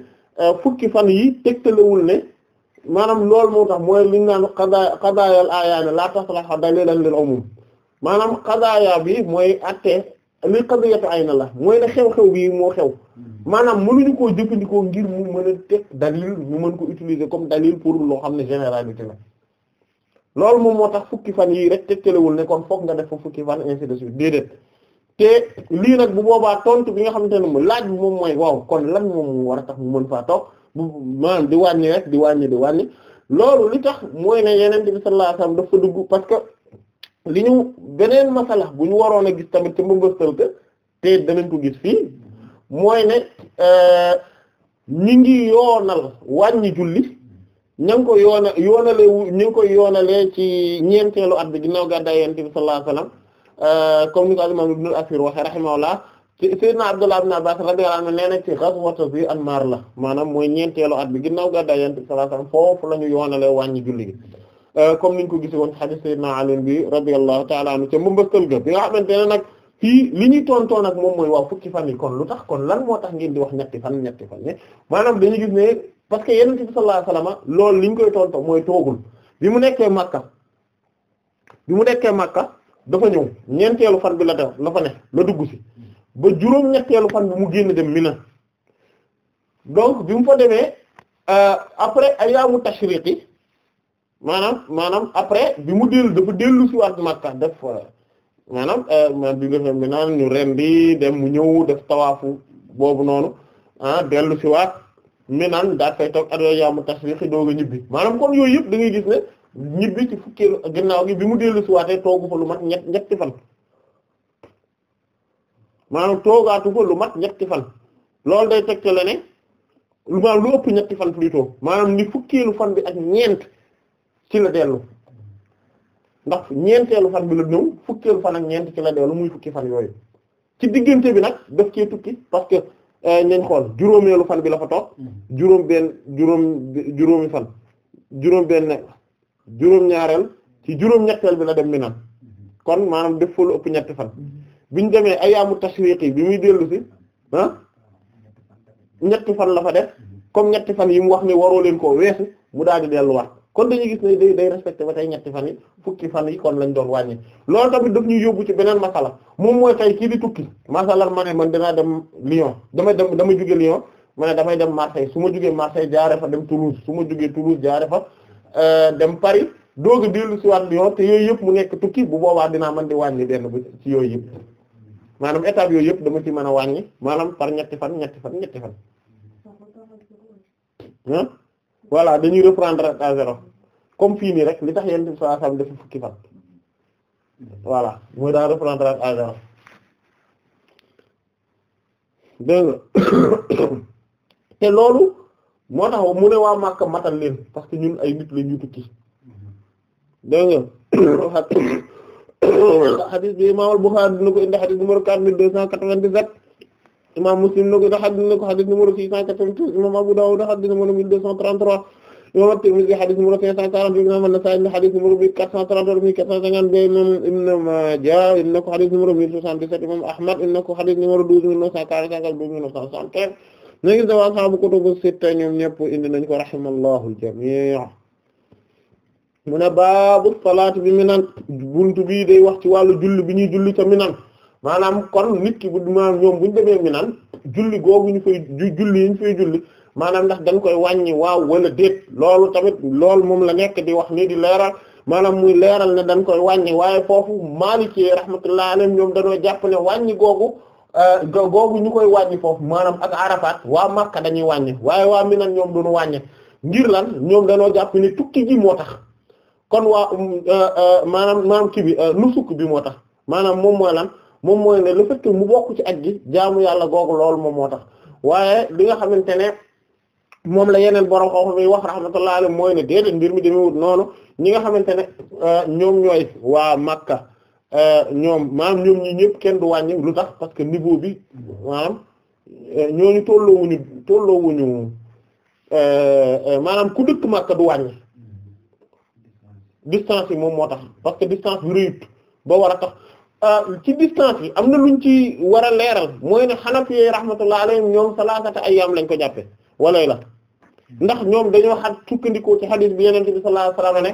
euh, fukki fan yi tegtalewul ne maanaam loolu moo tax mooy li ñu naan xadaa laa aayaani laa taslaha dalilan lil umum maanaam xadaaya bi mooy atte li qadiyatu ayna la mooy ne xew-xew bi moo xew hmm. maanaam mu mënuñu koo jëfandikoo ngir mu mën a teg dalil ñu mën ko utiliser comme dalil pour loo xam ne généralité la loolu moom moo tax fukki fan yii rek tegtalewul ne kon foog nga def fa fukki fan ainsi de te lii nag bu boobaa tontu bi nga xamante ne mu laaj bi moom mooy waaw kon lan moom mu war a tax mu mën faa toog bu maanaam di wàññi rek di wàññi di wàññi loolu li tax mooy ne yeneen bi sallallahu alayhi wasallam dafa dugg parce que li ñu beneen masala bu ñu waroon a gis tamit ci mbambastal te te danañ ko gis fii mooy ne euh, ñi ngi yoonal wàññi julli ña ngi ko yoona yoonale ñi ngi ko yoonalee ci ñeenteelu at bi ginnaaw gàddaay yonent bi sallallahu alayhi wasallam euh, comme ni ko al-imam Ibn al-Asir waxe rahimahullah sayyidina Abdullah ibn Abbas radiyallahu anhu nee na ci ghazwatu bi Anmar la maanaam mooy ñeenteelu at bi ginnaaw gàddaay yonent bi sallallahu alayhi foofu la ñu yoonalee wàññi julli gi Euh, comme ni ñu ko gisi woon hadith sayyidina Ali bi radiyallahu ta'ala anhu ca mbambastal ga bi nga xamante ne nag fii li ñuy tontoo nag moom mooy waaw fukki fan yi kon lu tax kon lan moo tax ngeen di wax ñetti fan ñetti fan ne maanaam dañu gis ne parce que yonent bi sallallahu alayhi wasallam loolu li ñu koy tontoo mooy toogul bi mu nekkee Makka mu nekkee Makka dafa ñëw ñeenteelu fan bi la def la fa ne la dugg ci ba juróom ñetteelu fan bi mu génn dem Mina donc bi mu fa demee euh, après ayaamu tashriqi maanaam maanaam après bi mu dellu dafa dellu si waat Makka def euh, maanaam euh, man bi nga mi naan ñu ren di dem mu ñëw def tawaafu boobu noonu ah dellu si waat mi naan daa fay toog adoy yaamu tasbiix doog a ñibbi maanaam kon yooyu yëpp da ngay gis ne ñibbi ci fukkeelu ginnaaw gi bi mu dellu si waatee toogu fa lu mat ñett ñetti fan maanaam toogaatu fa lu mat ñetti fan loolu day tegte la ne lu maanaam lu ëpp ñetti fan plutôt maanaam ni fukkeelu fan bi ak ñeent ci la dellu ndax ñeenteelu fan bi la ñëw fukkeelu fan ak ñeent ci la dellu muy fukki fan yooyu ci diggante bi nag daf cee tukki parce que eh, nañ xool juróomeelu fan bi la fa toog mm-hmm. juróom benn juróom juróomi fan juróom benn juróom ñaareel ci juróom ñetteel bi la dem mi naan mm-hmm. kon maanaam def fa lu ëpp ñetti fan mm-hmm. bi ñu demee ayaamu tashriq yi bi muy dellu si ah, ah ñetti fan la fa def comme ñetti fan yi mu wax ni waroo leen ko weesu mu daal di delluwaat kon dañuy gis ne day day respecté ba tey ñetti fan yi fukki fan yi kon lañ doon wàññi loolu tamit daf ñuy yóbbu ci beneen masala moom mooy tey kii di tukki masala ma ne man danaa dem lion damay dem damay jóge lion ma ne damay dem Marseille su ma jógee Marseille jaare fa dem Toulouse su ma jógee Toulouse jaare fa euh, dem Paris doog a dellu waat lion te yooyu yëpp mu nekk tukki bu boobaa dinaa mën di wàññi benn bu ci yooyu yëpp maanaam étape yooyu yëpp dama ci mën a wàññi maanaam par ñetti fan ñetti fan ñetti fan voilà dañuy reprendre à zéro comme fii rek li tax yonent bi sallallahu alayhi wasallam dafa fukki fan voilà mooy daal reprendre à zéro dégg te loolu moo tax mu ne waa Makka matal leen parce que ñun ay nit la ñu tukki dégg nga xadis bi Imam Al-Bukhârî dina ko indi xadis numéro quatre mille deux cent quatre vingt imam Muslim na ko da xadis na ko xadis numéro 692 imam Abu Dawud xadis numéro 1233 imam At-Tirmidhi xadis numéro 540 imam An-Nasa'i na xadis numéro 1433 1452 imam Ibn Majah na ko xadis numéro 1077 imam Ahmad na ko xadis numéro 12945 2975 ñu ngi dawa sahabu kutubu sitta ñoom ñépp indi nañ ko rahimallahu al-jami' mu ne baabu salaat bi Minan buntu bii day wax ci julli bi maanaam kon nit ki bu maanaam ñoom bu ñu demee mi naan julli googu ñu fay julli yi ñu fay julli maanaam ndax dañ koy wàññi waaw wala déet loolu tamit loolu moom la nekk di wax nii di leeral maanaam muy leeral ne dañ koy wàññi waaye foofu Maliki rahmatullahi alayhim ñoom dañoo jàpp ne wàññi googu euh, googu ñu koy wàññi foofu maanaam ak Arafat waa Makka dañuy wàññi waaye waa Minan ñoom duñu wàññi ngir lan ñoom dañoo jàpp ne tukki gi moo tax kon waa euh, euh, maanaam maanaam kii bi nusuk bi moo tax maanaam moom mooy lan. moom mooy ne le fait mu bokk ci aj gi jaamu yàlla googu loolu moom moo tax waaye li nga xamante ne moom la yeneen borom xam-xam yi wax rahmatullahi alayhi mooy ne déedéet mbir mi demewut noonu ñi nga xamante ne euh, ñoom ñooy waa Makka euh, ñoom maanaam ñoom ñi ñëpp kenn du wàññi lu tax parce que niveau bi maanaam euh, ñooñu tolloowuñu tolloowuñu maanaam ku dëkk Makka du wàññi distance yi moom moo tax parce distance bi rëyut ba war a tax Euh, ci distance yi am na lu ñu ci war a leeral mooy ne Hanafi rahmatullah alayhim ñoom salaasata ayyaam lañ ko jàppe walay la ndax ñoom dañoo xat sukkandikoo ci xadiis bi yenente bi sallallahu alayhi wasallam ne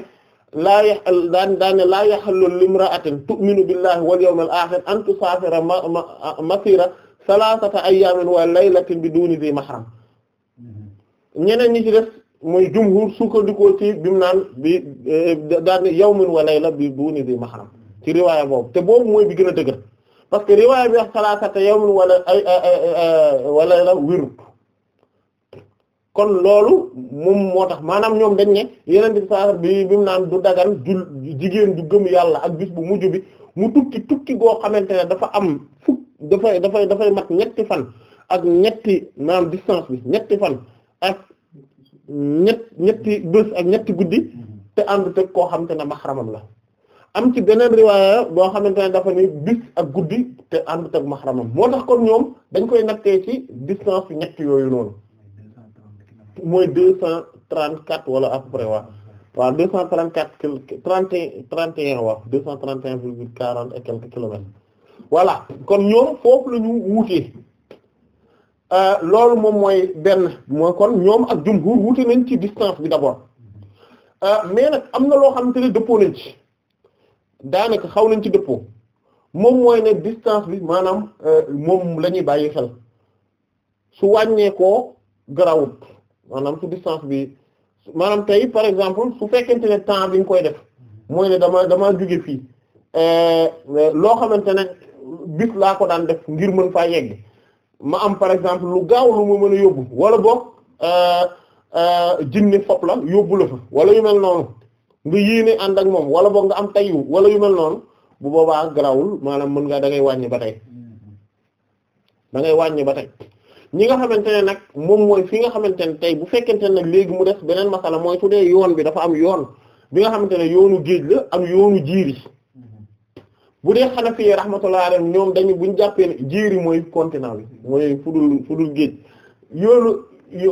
laa yal daan daan ne laa yaxallu limra'atin tu'minu billahi wal yawmil akhir an tusaafira masira salaasata ayyaamin wa laylatin bi duuni di mahram ñeneen ñi ci def mooy jumhur sukkandikoo ci bimu naan bi eh, daan yawmin wa layla bi duuni di mahram ci riwaaya boobu te boobu mooy bi gën a dëgër parce que riwaaya bi wax salaasata yawmin wala ay wala la wérut kon loolu moom moo tax maanaam ñoom dañ ne yeneen bi saa bi bi mu naan du dagan jigéen du gëm yàlla ak bis bu mujj bi mu tukki tukki goo xamante ne dafa am fukk dafay dafay dafay mat ñetti fan ak ñetti maanaam distance bi ñetti fan ak ñett ñetti bés ak ñetti guddi te ànd teg koo xam te ne maxaramam la am ci beneen riwaaya boo xamante ne dafa ni bis ak guddi te àndut ak maxaramam moo tax kon ñoom dañ koy nattee ci distance yu ñett yooyu noonu mooy deux cent trent quatre wala à wa waa waaw deux cent trente quatre trente et trente et un waaw deux cent trente et un virgule quarante et quelques kilomètres voilà kon ñoom foofu lañu ñu wuutee euh, loolu moom mooy benn mooy kon ñoom ak jumhur wuute nañ ci distance bi d'abord euh, mais nag am na loo xam ne dëppoo nañ ci daanaka xaw nañ ci dëppoo moom mooy ne distance bi maanaam euh, moom lañuy bàyyi xel su wàññeekoo garawut maanaam su distance bi maanaam tey par exemple su fekkente ne temps bi nga koy def mooy ne dama dama jóge fii euh, loo xamante ne bis laa ko daan def ngir mën faa yegg ma am par exemple lu gaaw lu ma mën a yóbbu wala boog euh, jinne fop la yóbbu la fa wala yu mel noonu nga yéene ànd ak moom wala boog nga am tayyu wala yu mel noonu bu boobaa grawul maanaam mën ngaa da ngay wàññi ba tey da ngay wàññi ba tey ñi nga xamante ne nag moom mooy fi nga xamante ne tey bu fekkente ne nag léegi mu def beneen masala mooy su dee yoon bi dafa am yoon bi nga xamante ne yoonu géej la am yoonu jiiri bu dee Hanafi rahmatullahi alayhim ñoom dañu buñ jàppee jiiri mooy continent bi mooy fudul fudul géej yoonu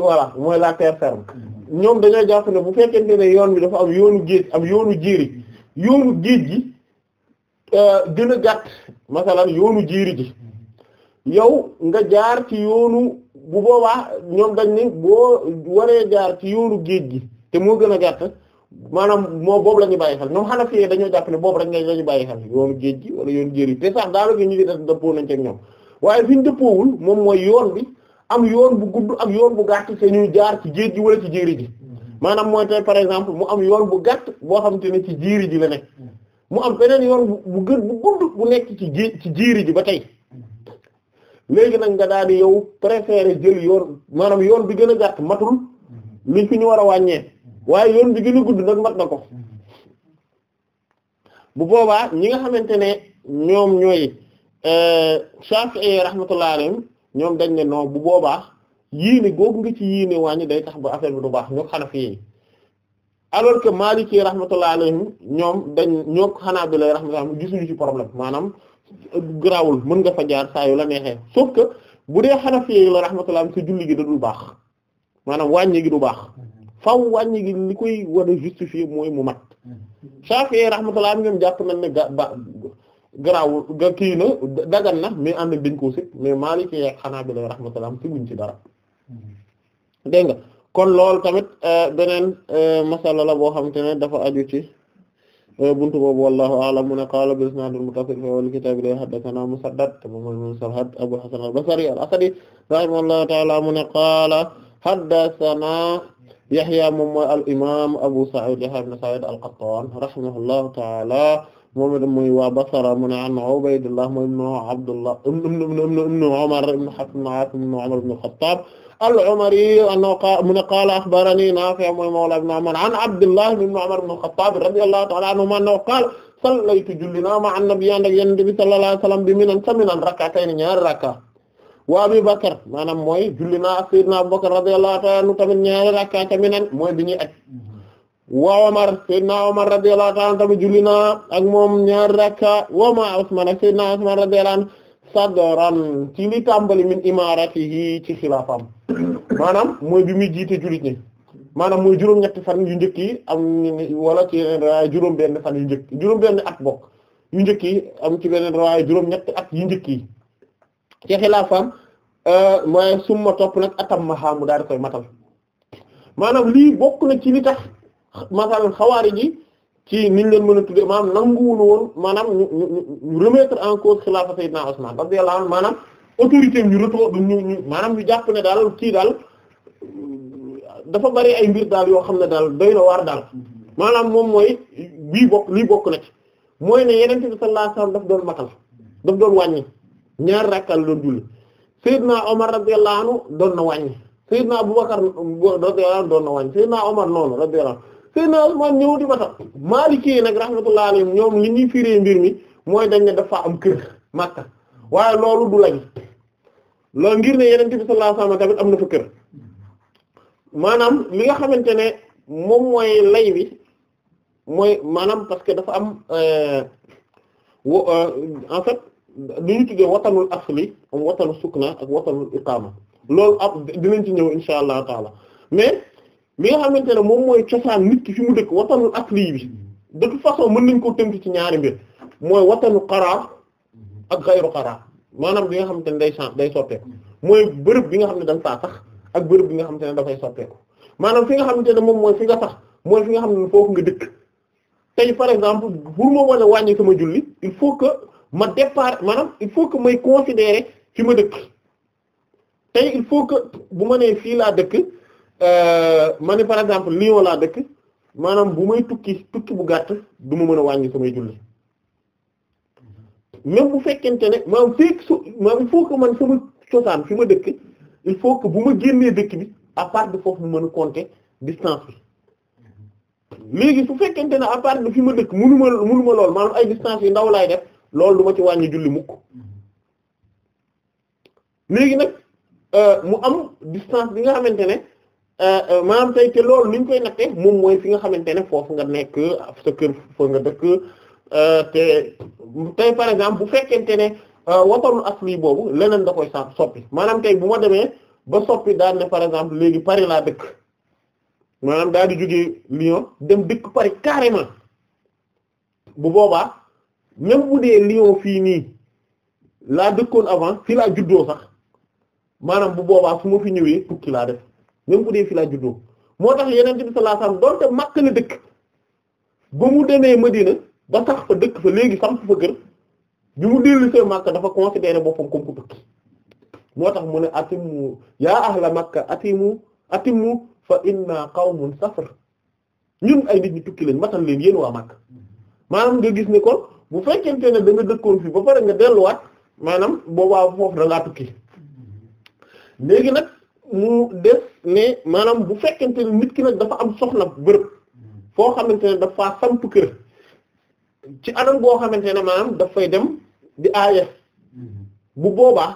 voilà mooy la terre ñoom dañoo jàpp ne bu fekkente ne yoon bi dafa am yoonu géej am yoonu jéeri yoonu géej gi euh, gën a gàtt masalan yoonu jéeri ji yow nga jaar ci yoonu bu boobaa ñoom dañ ne boo waree jaar ci yoonu géej gi te moo gën a gàtt maanaam moo boobu la ñu bàyyi xel ñoom xanaa fiyee dañoo jàpp ne boobu rek la ñu bàyyi xel yoonu géej gi wala yoonu jéeri te sax daal la ñu di def dëppoo nañ ci ñoom waaye fi ñu dëppoowul moom mooy yoon bi am yoon bu gudd ak yoon bu gàtt te ñuy jaar ci géej gi wala ci jéeri ji maanaam mooy tey par exemple mu am yoon bu gàtt boo xam te ne ci jéeri ji la nekk mu am beneen yoon bu gën bu gudd bu nekk ci ji ci jéeri ji ba tey léegi nag nga daal di yow préférer jël yoon maanaam yoon bi gën a gàtt matul li fi ñu war a wàññee waaye yoon bi gën a gudd nag mat na ko bu boobaa ñi nga xamante ne ñoom ñooy euh, Shafi'i rahmatullahi alayhi ñoom dañ ne non bu boobaa ne googu nga ci yéene wàññi day tax ba affaire bi du baax ñoo Hanafi yi alors que Maliki rahmatullah mu ñoom dañ ñoo Hanabila rahmatullah gisuñu ci problème maanaam grawul mën nga fa jaar saa yu la neexee sauf que bu dee Hanafi yi la rahmatullah sa julli gi da dul baax maanaam wàññi gi du baax faw wàññi gi li koy war a justifier mooy mu mat mm-hmm. Shafi'i rahmatullah ñoom jàpp nañ ne garaawul ga kii na dagan na mais ànd ak dañ koo sit mais Maliki ak Hanabila rahmatullah am siguñ ci dara dégg nga kon loolu tamit euh, beneen euh, masala la boo xamante ne dafa aju ci euh, buntu boobu wallahu a'lam mu ne qaala bi isnaadil muttasil fi awwal kitaab la haddathana Musaddad moom mooy Musarhad Abu Hasan al mu ne qaala haddathana Yahya moom mooy al-imaam Abu Sa'id Yahya ibn Sa'id al-Qattan rahimahullahu ta'ala moom itam muy waa Basra mu ne an Ubaydullah mooy ibn Abdullah ibn Umar ibn Hafs ibn Aasim ibn Umar ibn al-Khattab al-Umari mu ne qaala akhbarani Naafi' mooy mawla ibn Umar an Abdullah ibn Umar ibn al-Khattab radiyallahu ta'ala anhuma annahu qaala sallaytu julli naa ma an-nabiy ak Yonent bi sallallahu alayhi wa sallam bi Minan ca Minan rak'atayn ñaari rak'a wa Abi Bakr maanaam mooy julli naa ak Sayyidina Abu Bakr radiyallahu ta'ala anhu tamit ñaari rak'a ca Minan mooy bi ñuy aj wa Omar Seydina Omar radiyallahu ta'ala anhu tamit julli ak moom ñaar rakka wa ma Usman ak Seydina Usman radiyallahu anhu sadran ci li tàmbali min imaratihi ci maanaam mooy bi muy jiite jullit ñi maanaam mooy juróom-ñetti fan yu njëkk yi am wala ci yeneen riwaaya juróom-benn at bokk yu njëkk am ci beneen riwaaya juróom-ñetti at yu njëkk yi ci xilaafam euh, mooy summa topp nag atam maxaamu daal di koy matal maanaam lii bokk na ci tax. masalan xawaari ji ci niñ leen mën a tuddee maanaam nanguwul woon maanaam ñu ñu remettre en cause xilaafa sayyidina Usman radiyallahu anhu maanaam autorité ñu ñu ñu maanaam ñu jàpp ne daal kii daal dafa bari ay mbir daal yoo xam ne daal doy na waar daal maanaam moom mooy bii bokk lii bokk na ci mooy ne yeneen bi sallallahu alayhi wasallam daf doon matal daf doon wàññi ñaar rakkal doon julli Seydina Omar radiyallahu anhu doon na wàññi Seydina Abubakar radiyallahu anhu doon na wàññi Seydina Omar noonu radiyallahu Seydina Usmaan ñëw di Makka Maaliki yi nag rahmatullahi alayhim li ñuy firee mbir mi mooy dañ ne dafa am kër Makka waaye loolu du lañ ngir ne Yonent bi am na fa kër maanaam nga xamante ne moom mooy lay wi mooy maanaam parce que dafa am euh, euh, en fait li ñu tuddee watanul asli am watanu sukna ak watanul iqama loolu ab dinañ ci ñëw insha allah taala mais mi nga xamante ne moom mooy cosaan nit ki fi mu dëkk ak lii bi de toute façon mën nañ koo tënk ci ñaari mbir mooy watanu xaraar ak xayru xaraar maanaam bi nga xamante ne day change day soppeeku mooy bërëb bi nga xam ne dañ faa sax ak bërëb bi nga xamante ne dafay soppeeku maanaam fi nga xamante ne moom mooy fi nga sax mooy fi nga xam ne foofu nga dëkk tey par exemple pour ma war a wàññi sama julli il faut que ma départ maanaam il faut que may considérer fi ma dëkk tey il faut que bu ma nee fii laa dëkk Euh, ma ne par exemple Lyon laa dëkk maanaam bu may tukki tukki bu gàtt du ma mën a wàññi samay julli même bu fekkente ne maanaam fekk su maanaam il faut que man sama cosaan fi ma dëkk il faut que bu ma génnee dëkk bi à part de foofu mu mën a compter distance bi léegi su fekkente ne à part de fi ma dëkk munu ma munu ma lool maanaam ay distance yi ndaw laay def loolu du ma ci wàññi julli mukk léegi nag euh, mu am distance bi nga xamante ne. Euh, euh, maanaam tey te loolu li koy natte moom mooy fi nga xamante ne foofu nga nekk sa kër nga dëkk euh, te tey par exemple bu fekkente ne watarul asli boobu leneen da koy sa soppi maanaam tey bu ma demee ba soppi daal ne par exemple léegi Paris laa dëkk maanaam daal di jógee Lyon dem dëkk Paris carrément bu boobaa même bu dee Lyon fii nii laa dëkkoon avant fii laa juddoo sax maanaam bu boobaa su ma fi ñëwee tukki laa def même bu dee fi laa juddoo moo tax yeneen bi sallallahu alayhi wasallam doonte Makka la dëkk ba mu demee dina ba tax fa dëkk fa léegi samp fa kër bi mu dellu see Makka dafa considéré boppam comme ko tukki moo tax mu ne atimu yaa ahla Makka atimu atimu fa inna qawmun safar ñun ay nit ñu tukki leen matal leen yéen waa makk maanaam nga gis ni kon bu fekkente ne da nga dëkkoon fii ba pare nga delluwaat maanaam boobaa foofu da ngaa tukki léegi nag mu def ne maanaam bu fekkente ne nit ki nag dafa am soxla bërëb foo xamante ne dafa samp kër ci anam boo xamante ne maanaam dafay dem di aaye bu boobaa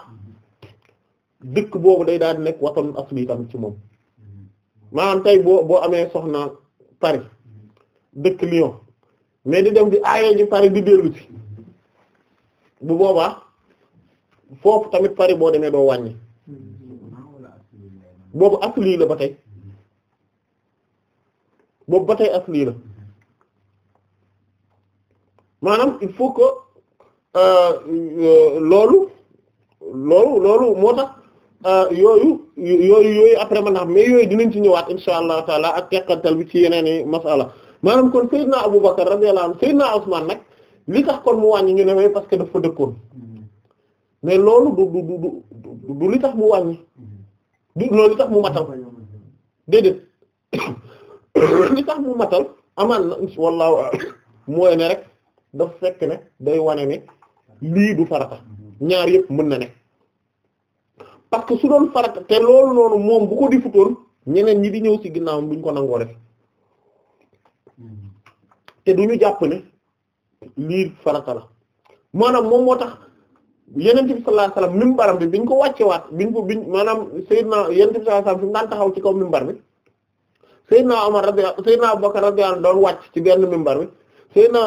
dëkk boobu day daan di nekk watan asli tam ci moom maanaam tey boo boo amee soxna Paris dëkk Lyon mais di dem di aaye ji Paris di dellu ci bu boobaa foofu tamit Paris boo demee doo wàññi boobu asli la ba tey boobu ba tey asli la maanaam il faut que euh, euh, loolu loolu loolu moo tax euh, yooyu yooyu yooyu après man mais yooyu dinañ ci ñëwaat insha allah taala ak teqantal bi ci yeneen i masala maanaam kon Seydina Aboubacar radiyallahu anhu Seydina Ousmane nag li tax kon mu wàññi ñu ne mais parce que dafa dëkkoon mm. mais loolu du du du li tax mu wàññi du loolu tax mu matal déedéet li tax mu matal amaan na wallahu mooy ne rek daf fekk ne day wane ne lii du farata ñaar yëpp mën na ne parce que su doon farata te loolu noonu moom bu ko di futoon ñeneen ñi di ñëw ci ginnaawam duñ ko nangoo def te du ñu jàpp ne lii farata la maanaam moom moo tax yenent bi sallallahu alayhi wasallam mimbaram biñ ko wàcce waat biñ ko biñ maanaam Seydina yenent bi sallallahu alayhi wasallam fi daan taxaw ci kaw mimbar bi Seydina Omar radiyallahu Seydina Abubakar wàcc ci benn mimbar bi Seydina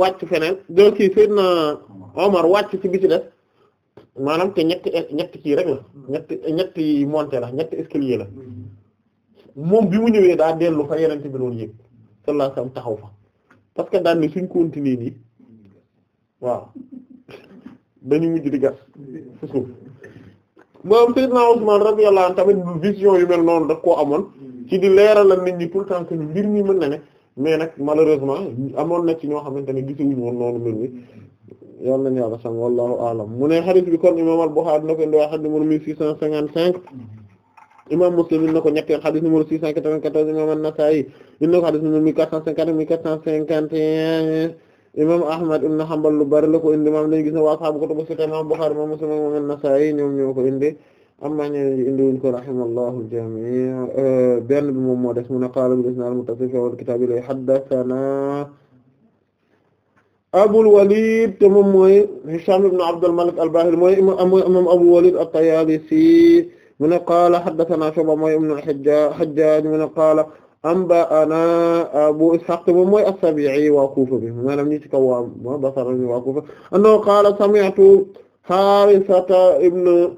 wàcc feneen do kii Seydina Omar wàcc ci bi ci def maanaam te ñetti ñetti kii rek la ñetti ñetti la ñetti escalier la moom bi mu ñëwee daa dellu fa yenent bi noonu yëpp sallallahu taxaw fa parce que daan ni suñ continuer nii waaw dañu mujj di gas ci suuf moom Seydina Usman radiyallahu anhu tamit vision yu mel noonu daf koo amoon ci di leeralal nit ñi tout le temps que mbir mi mën na ne mais nag malheureusement amoon na ci ñoo xamante ne gisuñu woon noonu mbir mi yal nañu yàlla sàmm wallahu alam mu ne xadis bi kon imam ko indi xadis numéro mille six cent cinquante cinq imam Muslim in na ko ñetteel xadis numéro six cent quatre-vingt-quatorze imam an-Nasa'i in na ko xadis numéro mille quatre cent cinquante mille quatre cent cinquante imam ahmad ibn hanbal lu bari la ko indi maam dañu gis ne waa ashaabu kutubu sitta imam bukhari imam muslim imam an-nasa'i ñoom ñoo ko indi amma ñeneen indi wuñ ko rahimallahu al-jami' euh, benn bi moom moo des mu ne qaala bil isnad al-muttasil fi al-kitab li haddathana abul walid te moom mooy hisham ibn abd al-malik al-bahili mooy imam abul walid at-tayalisi mu ne qaala haddathana shu'ba mooy ibn al-hajjaj mu ne qaala anba'ana Abu Ishaq moom mooy as-Sabi'i waa Kuufa bi maanaam ñi ci kaw waa Basra ñu waa Kuufa annahu qaala sami'tu Haarisata ibn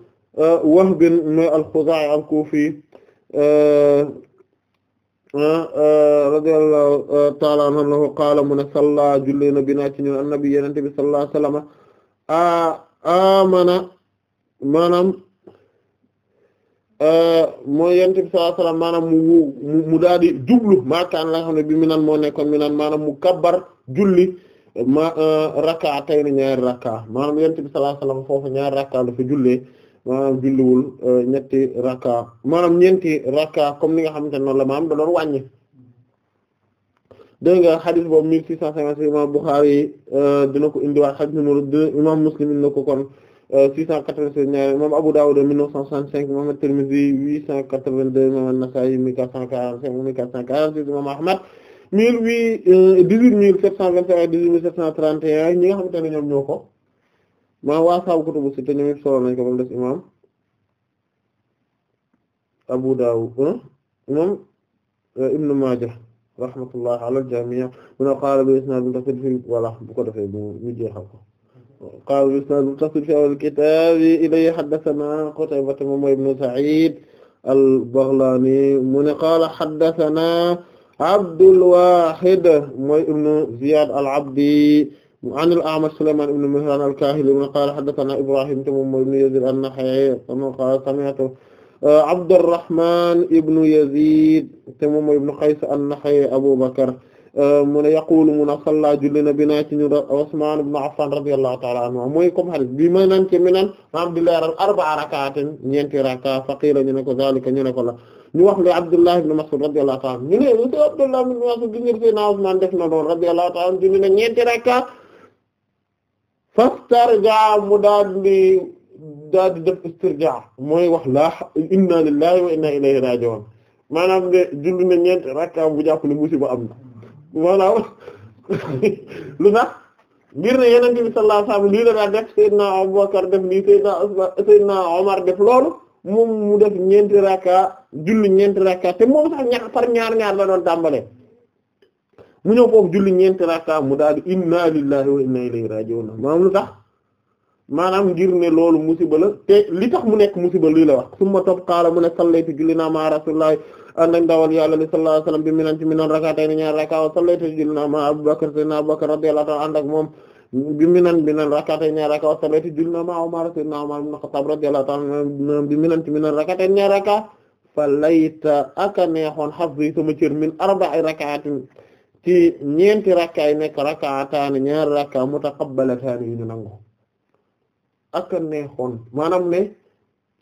Wahb al-Khuzaa'i al-Kuufi radiyallahu ta'ala anhu qaala mu ne salla julli na binaa ci ñun annabi yonent bi sallallahu alayhi wa sallam amana maanaam Euh, mooy yonent bi sallallahu alayhi wasallam maanaam mu mu daal di jublu maakaan la xam ne bi mi naan moo nekkoon mi naan maanaam mu kabbar julli ma rakka tey na ñaari rakka maanaam yonent bi sallallahu alayhi wasallam foofu ñaari rakka la fa jullee maanaam julliwul euh, ñetti rakka maanaam ñeenti rakka comme ni nga xamante ne noonu la maanaam da doon wàññi nga xadis boobu mille six cent cinquante imam Bukhari euh, dina ko indiwaat xadis numéro deux imam Muslim dina kon 696 ñaareel imam Abu Dawud 1965 imam At-Tirmidhi 882 imam An-Nasa'i 1445 1446 imam Ahmad 18 18727 18731 ñi nga xamante ne ñoom ñoo ko ma waa saabu kutubu sitta ñoom it solo nañ ko ba mu des imam Abu Dawud imam ah, euh, Ibn Majah rahmatullah ala al a mu ne qaala bi isnad muttasil fi wala bu ko defee bu ñu qaala bisnad muttasil fi awal kitaabi ilay xaddasanaa Qutaybata moom mooy ibnu Sa'iid al-Baghlaani mu ne qaala xaddasanaa Abdul Waahid mooy ibnu Ziyaad al-Abdi an al-A'mash Sulaymaan ibnu Mihraan al-Kaahili mu ne qaala xaddasanaa Ibraahiim te moom mooy ibnu Yaziid an-Naxa'i mu qaala sami'tu Abdurrahmaan ibnu Yaziid te moom mooy ibnu Qays an-Naxa'i Abu Bakr Euh, mu ne yaqulu mun a salla julli na bi naa ci ñu Usmaan ibn Affan radiyallahu ta'ala anhu mooy comme hadith bi ma naan ci mi naan maam di leeral arba'a rakaatin ñeenti raka faqila ñu ne ko zalika ñu ne ko la ñu wax li Abdullah ibn Mas'ud radiyallahu ta'ala ñu ne li Abdullah ibn Mas'ud di ngir Seydina Usmaan def na noonu radiyallahu ta'ala julli na ñeenti raka fastarja mu daal di daal di def istirja mooy wax la inna lillahi wa inna ilayhi raji'un maanaam ne julli na ñeenti raka bu jàpp ne musiba am na maanaam lu tax ngir ne yonent bi sallallahu lii la daan def Seydina Abubakar def lii Seydina Seydina Omar def loolu mu def ñeenti rakka julli ñeenti rakka te moom sax ñaar ñaar la doon tàmbalee mu ñëw foofu julli ñeenti rakka mu daal di inna lillahi wa inna ilayhi raji'un maanaam lu tax maanaam ngir ne loolu musiba la te li tax mu nekk musiba lii la wax suma topp xaala mu ne sallaytu julli naa ma rasulullahi ànd ak ndawal yàlla li sallallahu alayhi wasallam bi minan ci minan rak'atayn ñaar rak'a o sallaytu julli naa ma Abu Bakr sayyidina Abu Bakr radiyallahu ta'ala ànd moom bi minan minan ñaar rak'a wa sallaytu julli naa ma Umar sayyidina Umar ibn Khattab radiyallahu ta'ala bi minan ci minan rak'atayn ñaar rak'a fa layta aka neexoon xafdi sama cër min arba'i rak'atin ci ñeenti rakkaay nekk rakkaataani ñaari ñaar mutaqabbalataani moo ñu nangu ak neexoon maanaam ne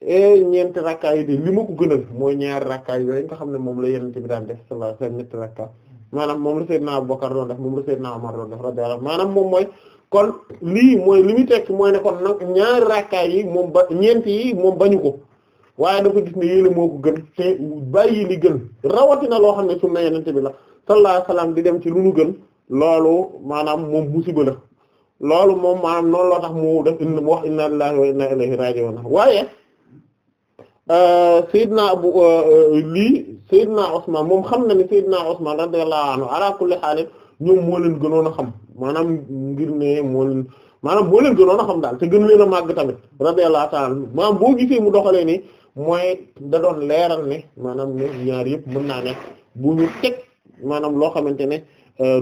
Eh, ñeenti rakkaa yi de li ma ko gënal mooy ñaari rakkaa yooyu nga xam ne moom la yenente bi daan def sallallahu alayhi wasallam ñetti rakkaa maanaam moom la Seydina Abubakar doon def moom la Seydina Umar doon def radiyallahu maanaam moom mooy kon lii mooy li mu tekk mooy ne kon nag ñaari rakkaa yi moom ba ñeenti yi moom bañu ko waaye dafa gis ne yéla moo ko gën te bàyyi li gën rawatina loo xam ne sunna yenente bi la sallallahu alayhi wasallam di dem ci lu nu gën loolu maanaam moom musiba la loolu moom maanaam noonu loo tax mu def mu wax inna lillahi wa inna ilayhi raji'un waaye Euh, Seydina Abu euh, euh, lii Seydina Usman moom xam na ne Seydina Usman radiyallahu anhu ala kulli haal ñoom moo leen gënoon a xam maanaam ngir ne moo maanaam moo leen gënoon a xam daal te gën leen a màgg tamit radiyallahu ta'ala maanaam boo gisee mu doxalee ni mooy da doon leeral ne maanaam ne ñaar yëpp mën naa ne bu ñu teg maanaam loo xamante ne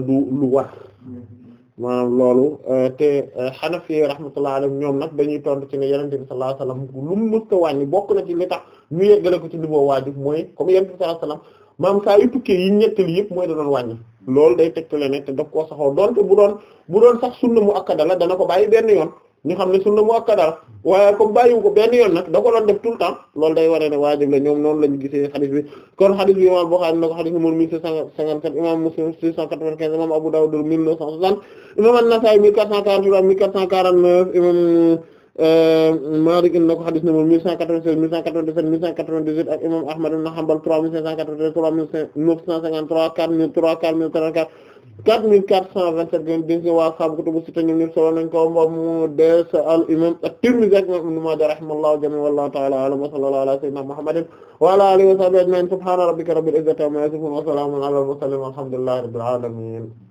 du lu war mm-hmm. maanaam loolu euh, te euh, Hanafi rahmatullahi alayhim ñoom nag dañuy tontu ci ne Yonent bi sallallahu alayhi wasallam lu mu mës ko wàññi bokk na ci li tax ñu yeggale ko ci niveau waajib mooy comme Yonent bi sallallahu alayhi wasallam maam saa yu tukkee yi ñettali yëpp mooy da doon wàññi loolu day tegtale ne te daf koo saxoo donte bu doon bu doon sax sunna mu akkada la dana ko bàyyi benn yoon ñu xam ne sunna muakkada la waaye comme bàyyiwu ko benn yoon nag da ko doon def tout temps loolu day waree ne waajib la ñoom noonu la ñu gisee xadis bi kon xadis bi imam Bukhari na ko xadis numéro 1757 imam Muslim 695 imam Abu Dawud 1960 imam An-Nasa'i 1448 ak 1449 imam Euh, Maalik indi na ko xadis numéro 1196 1197 1198 ak imam Ahmad ibn Hanbal 3583 3953 4003 4034 4427 ñoom dégg nga waa xam kutubu sitta ñoom ñëpp solo nañ ko moom mu des al imam at-Tirmidhi ak imam Ibn Maaja rahimahullahu jamii'an wallahu ta'ala a'lam wa sallallahu ala sayyidina Muhammadin wa ala alihi wa sahbihi ajma'in subhana rabbika rabbil izzati amma yasifun wa salamun ala al-mursalin walhamdulillahi rabbil alamin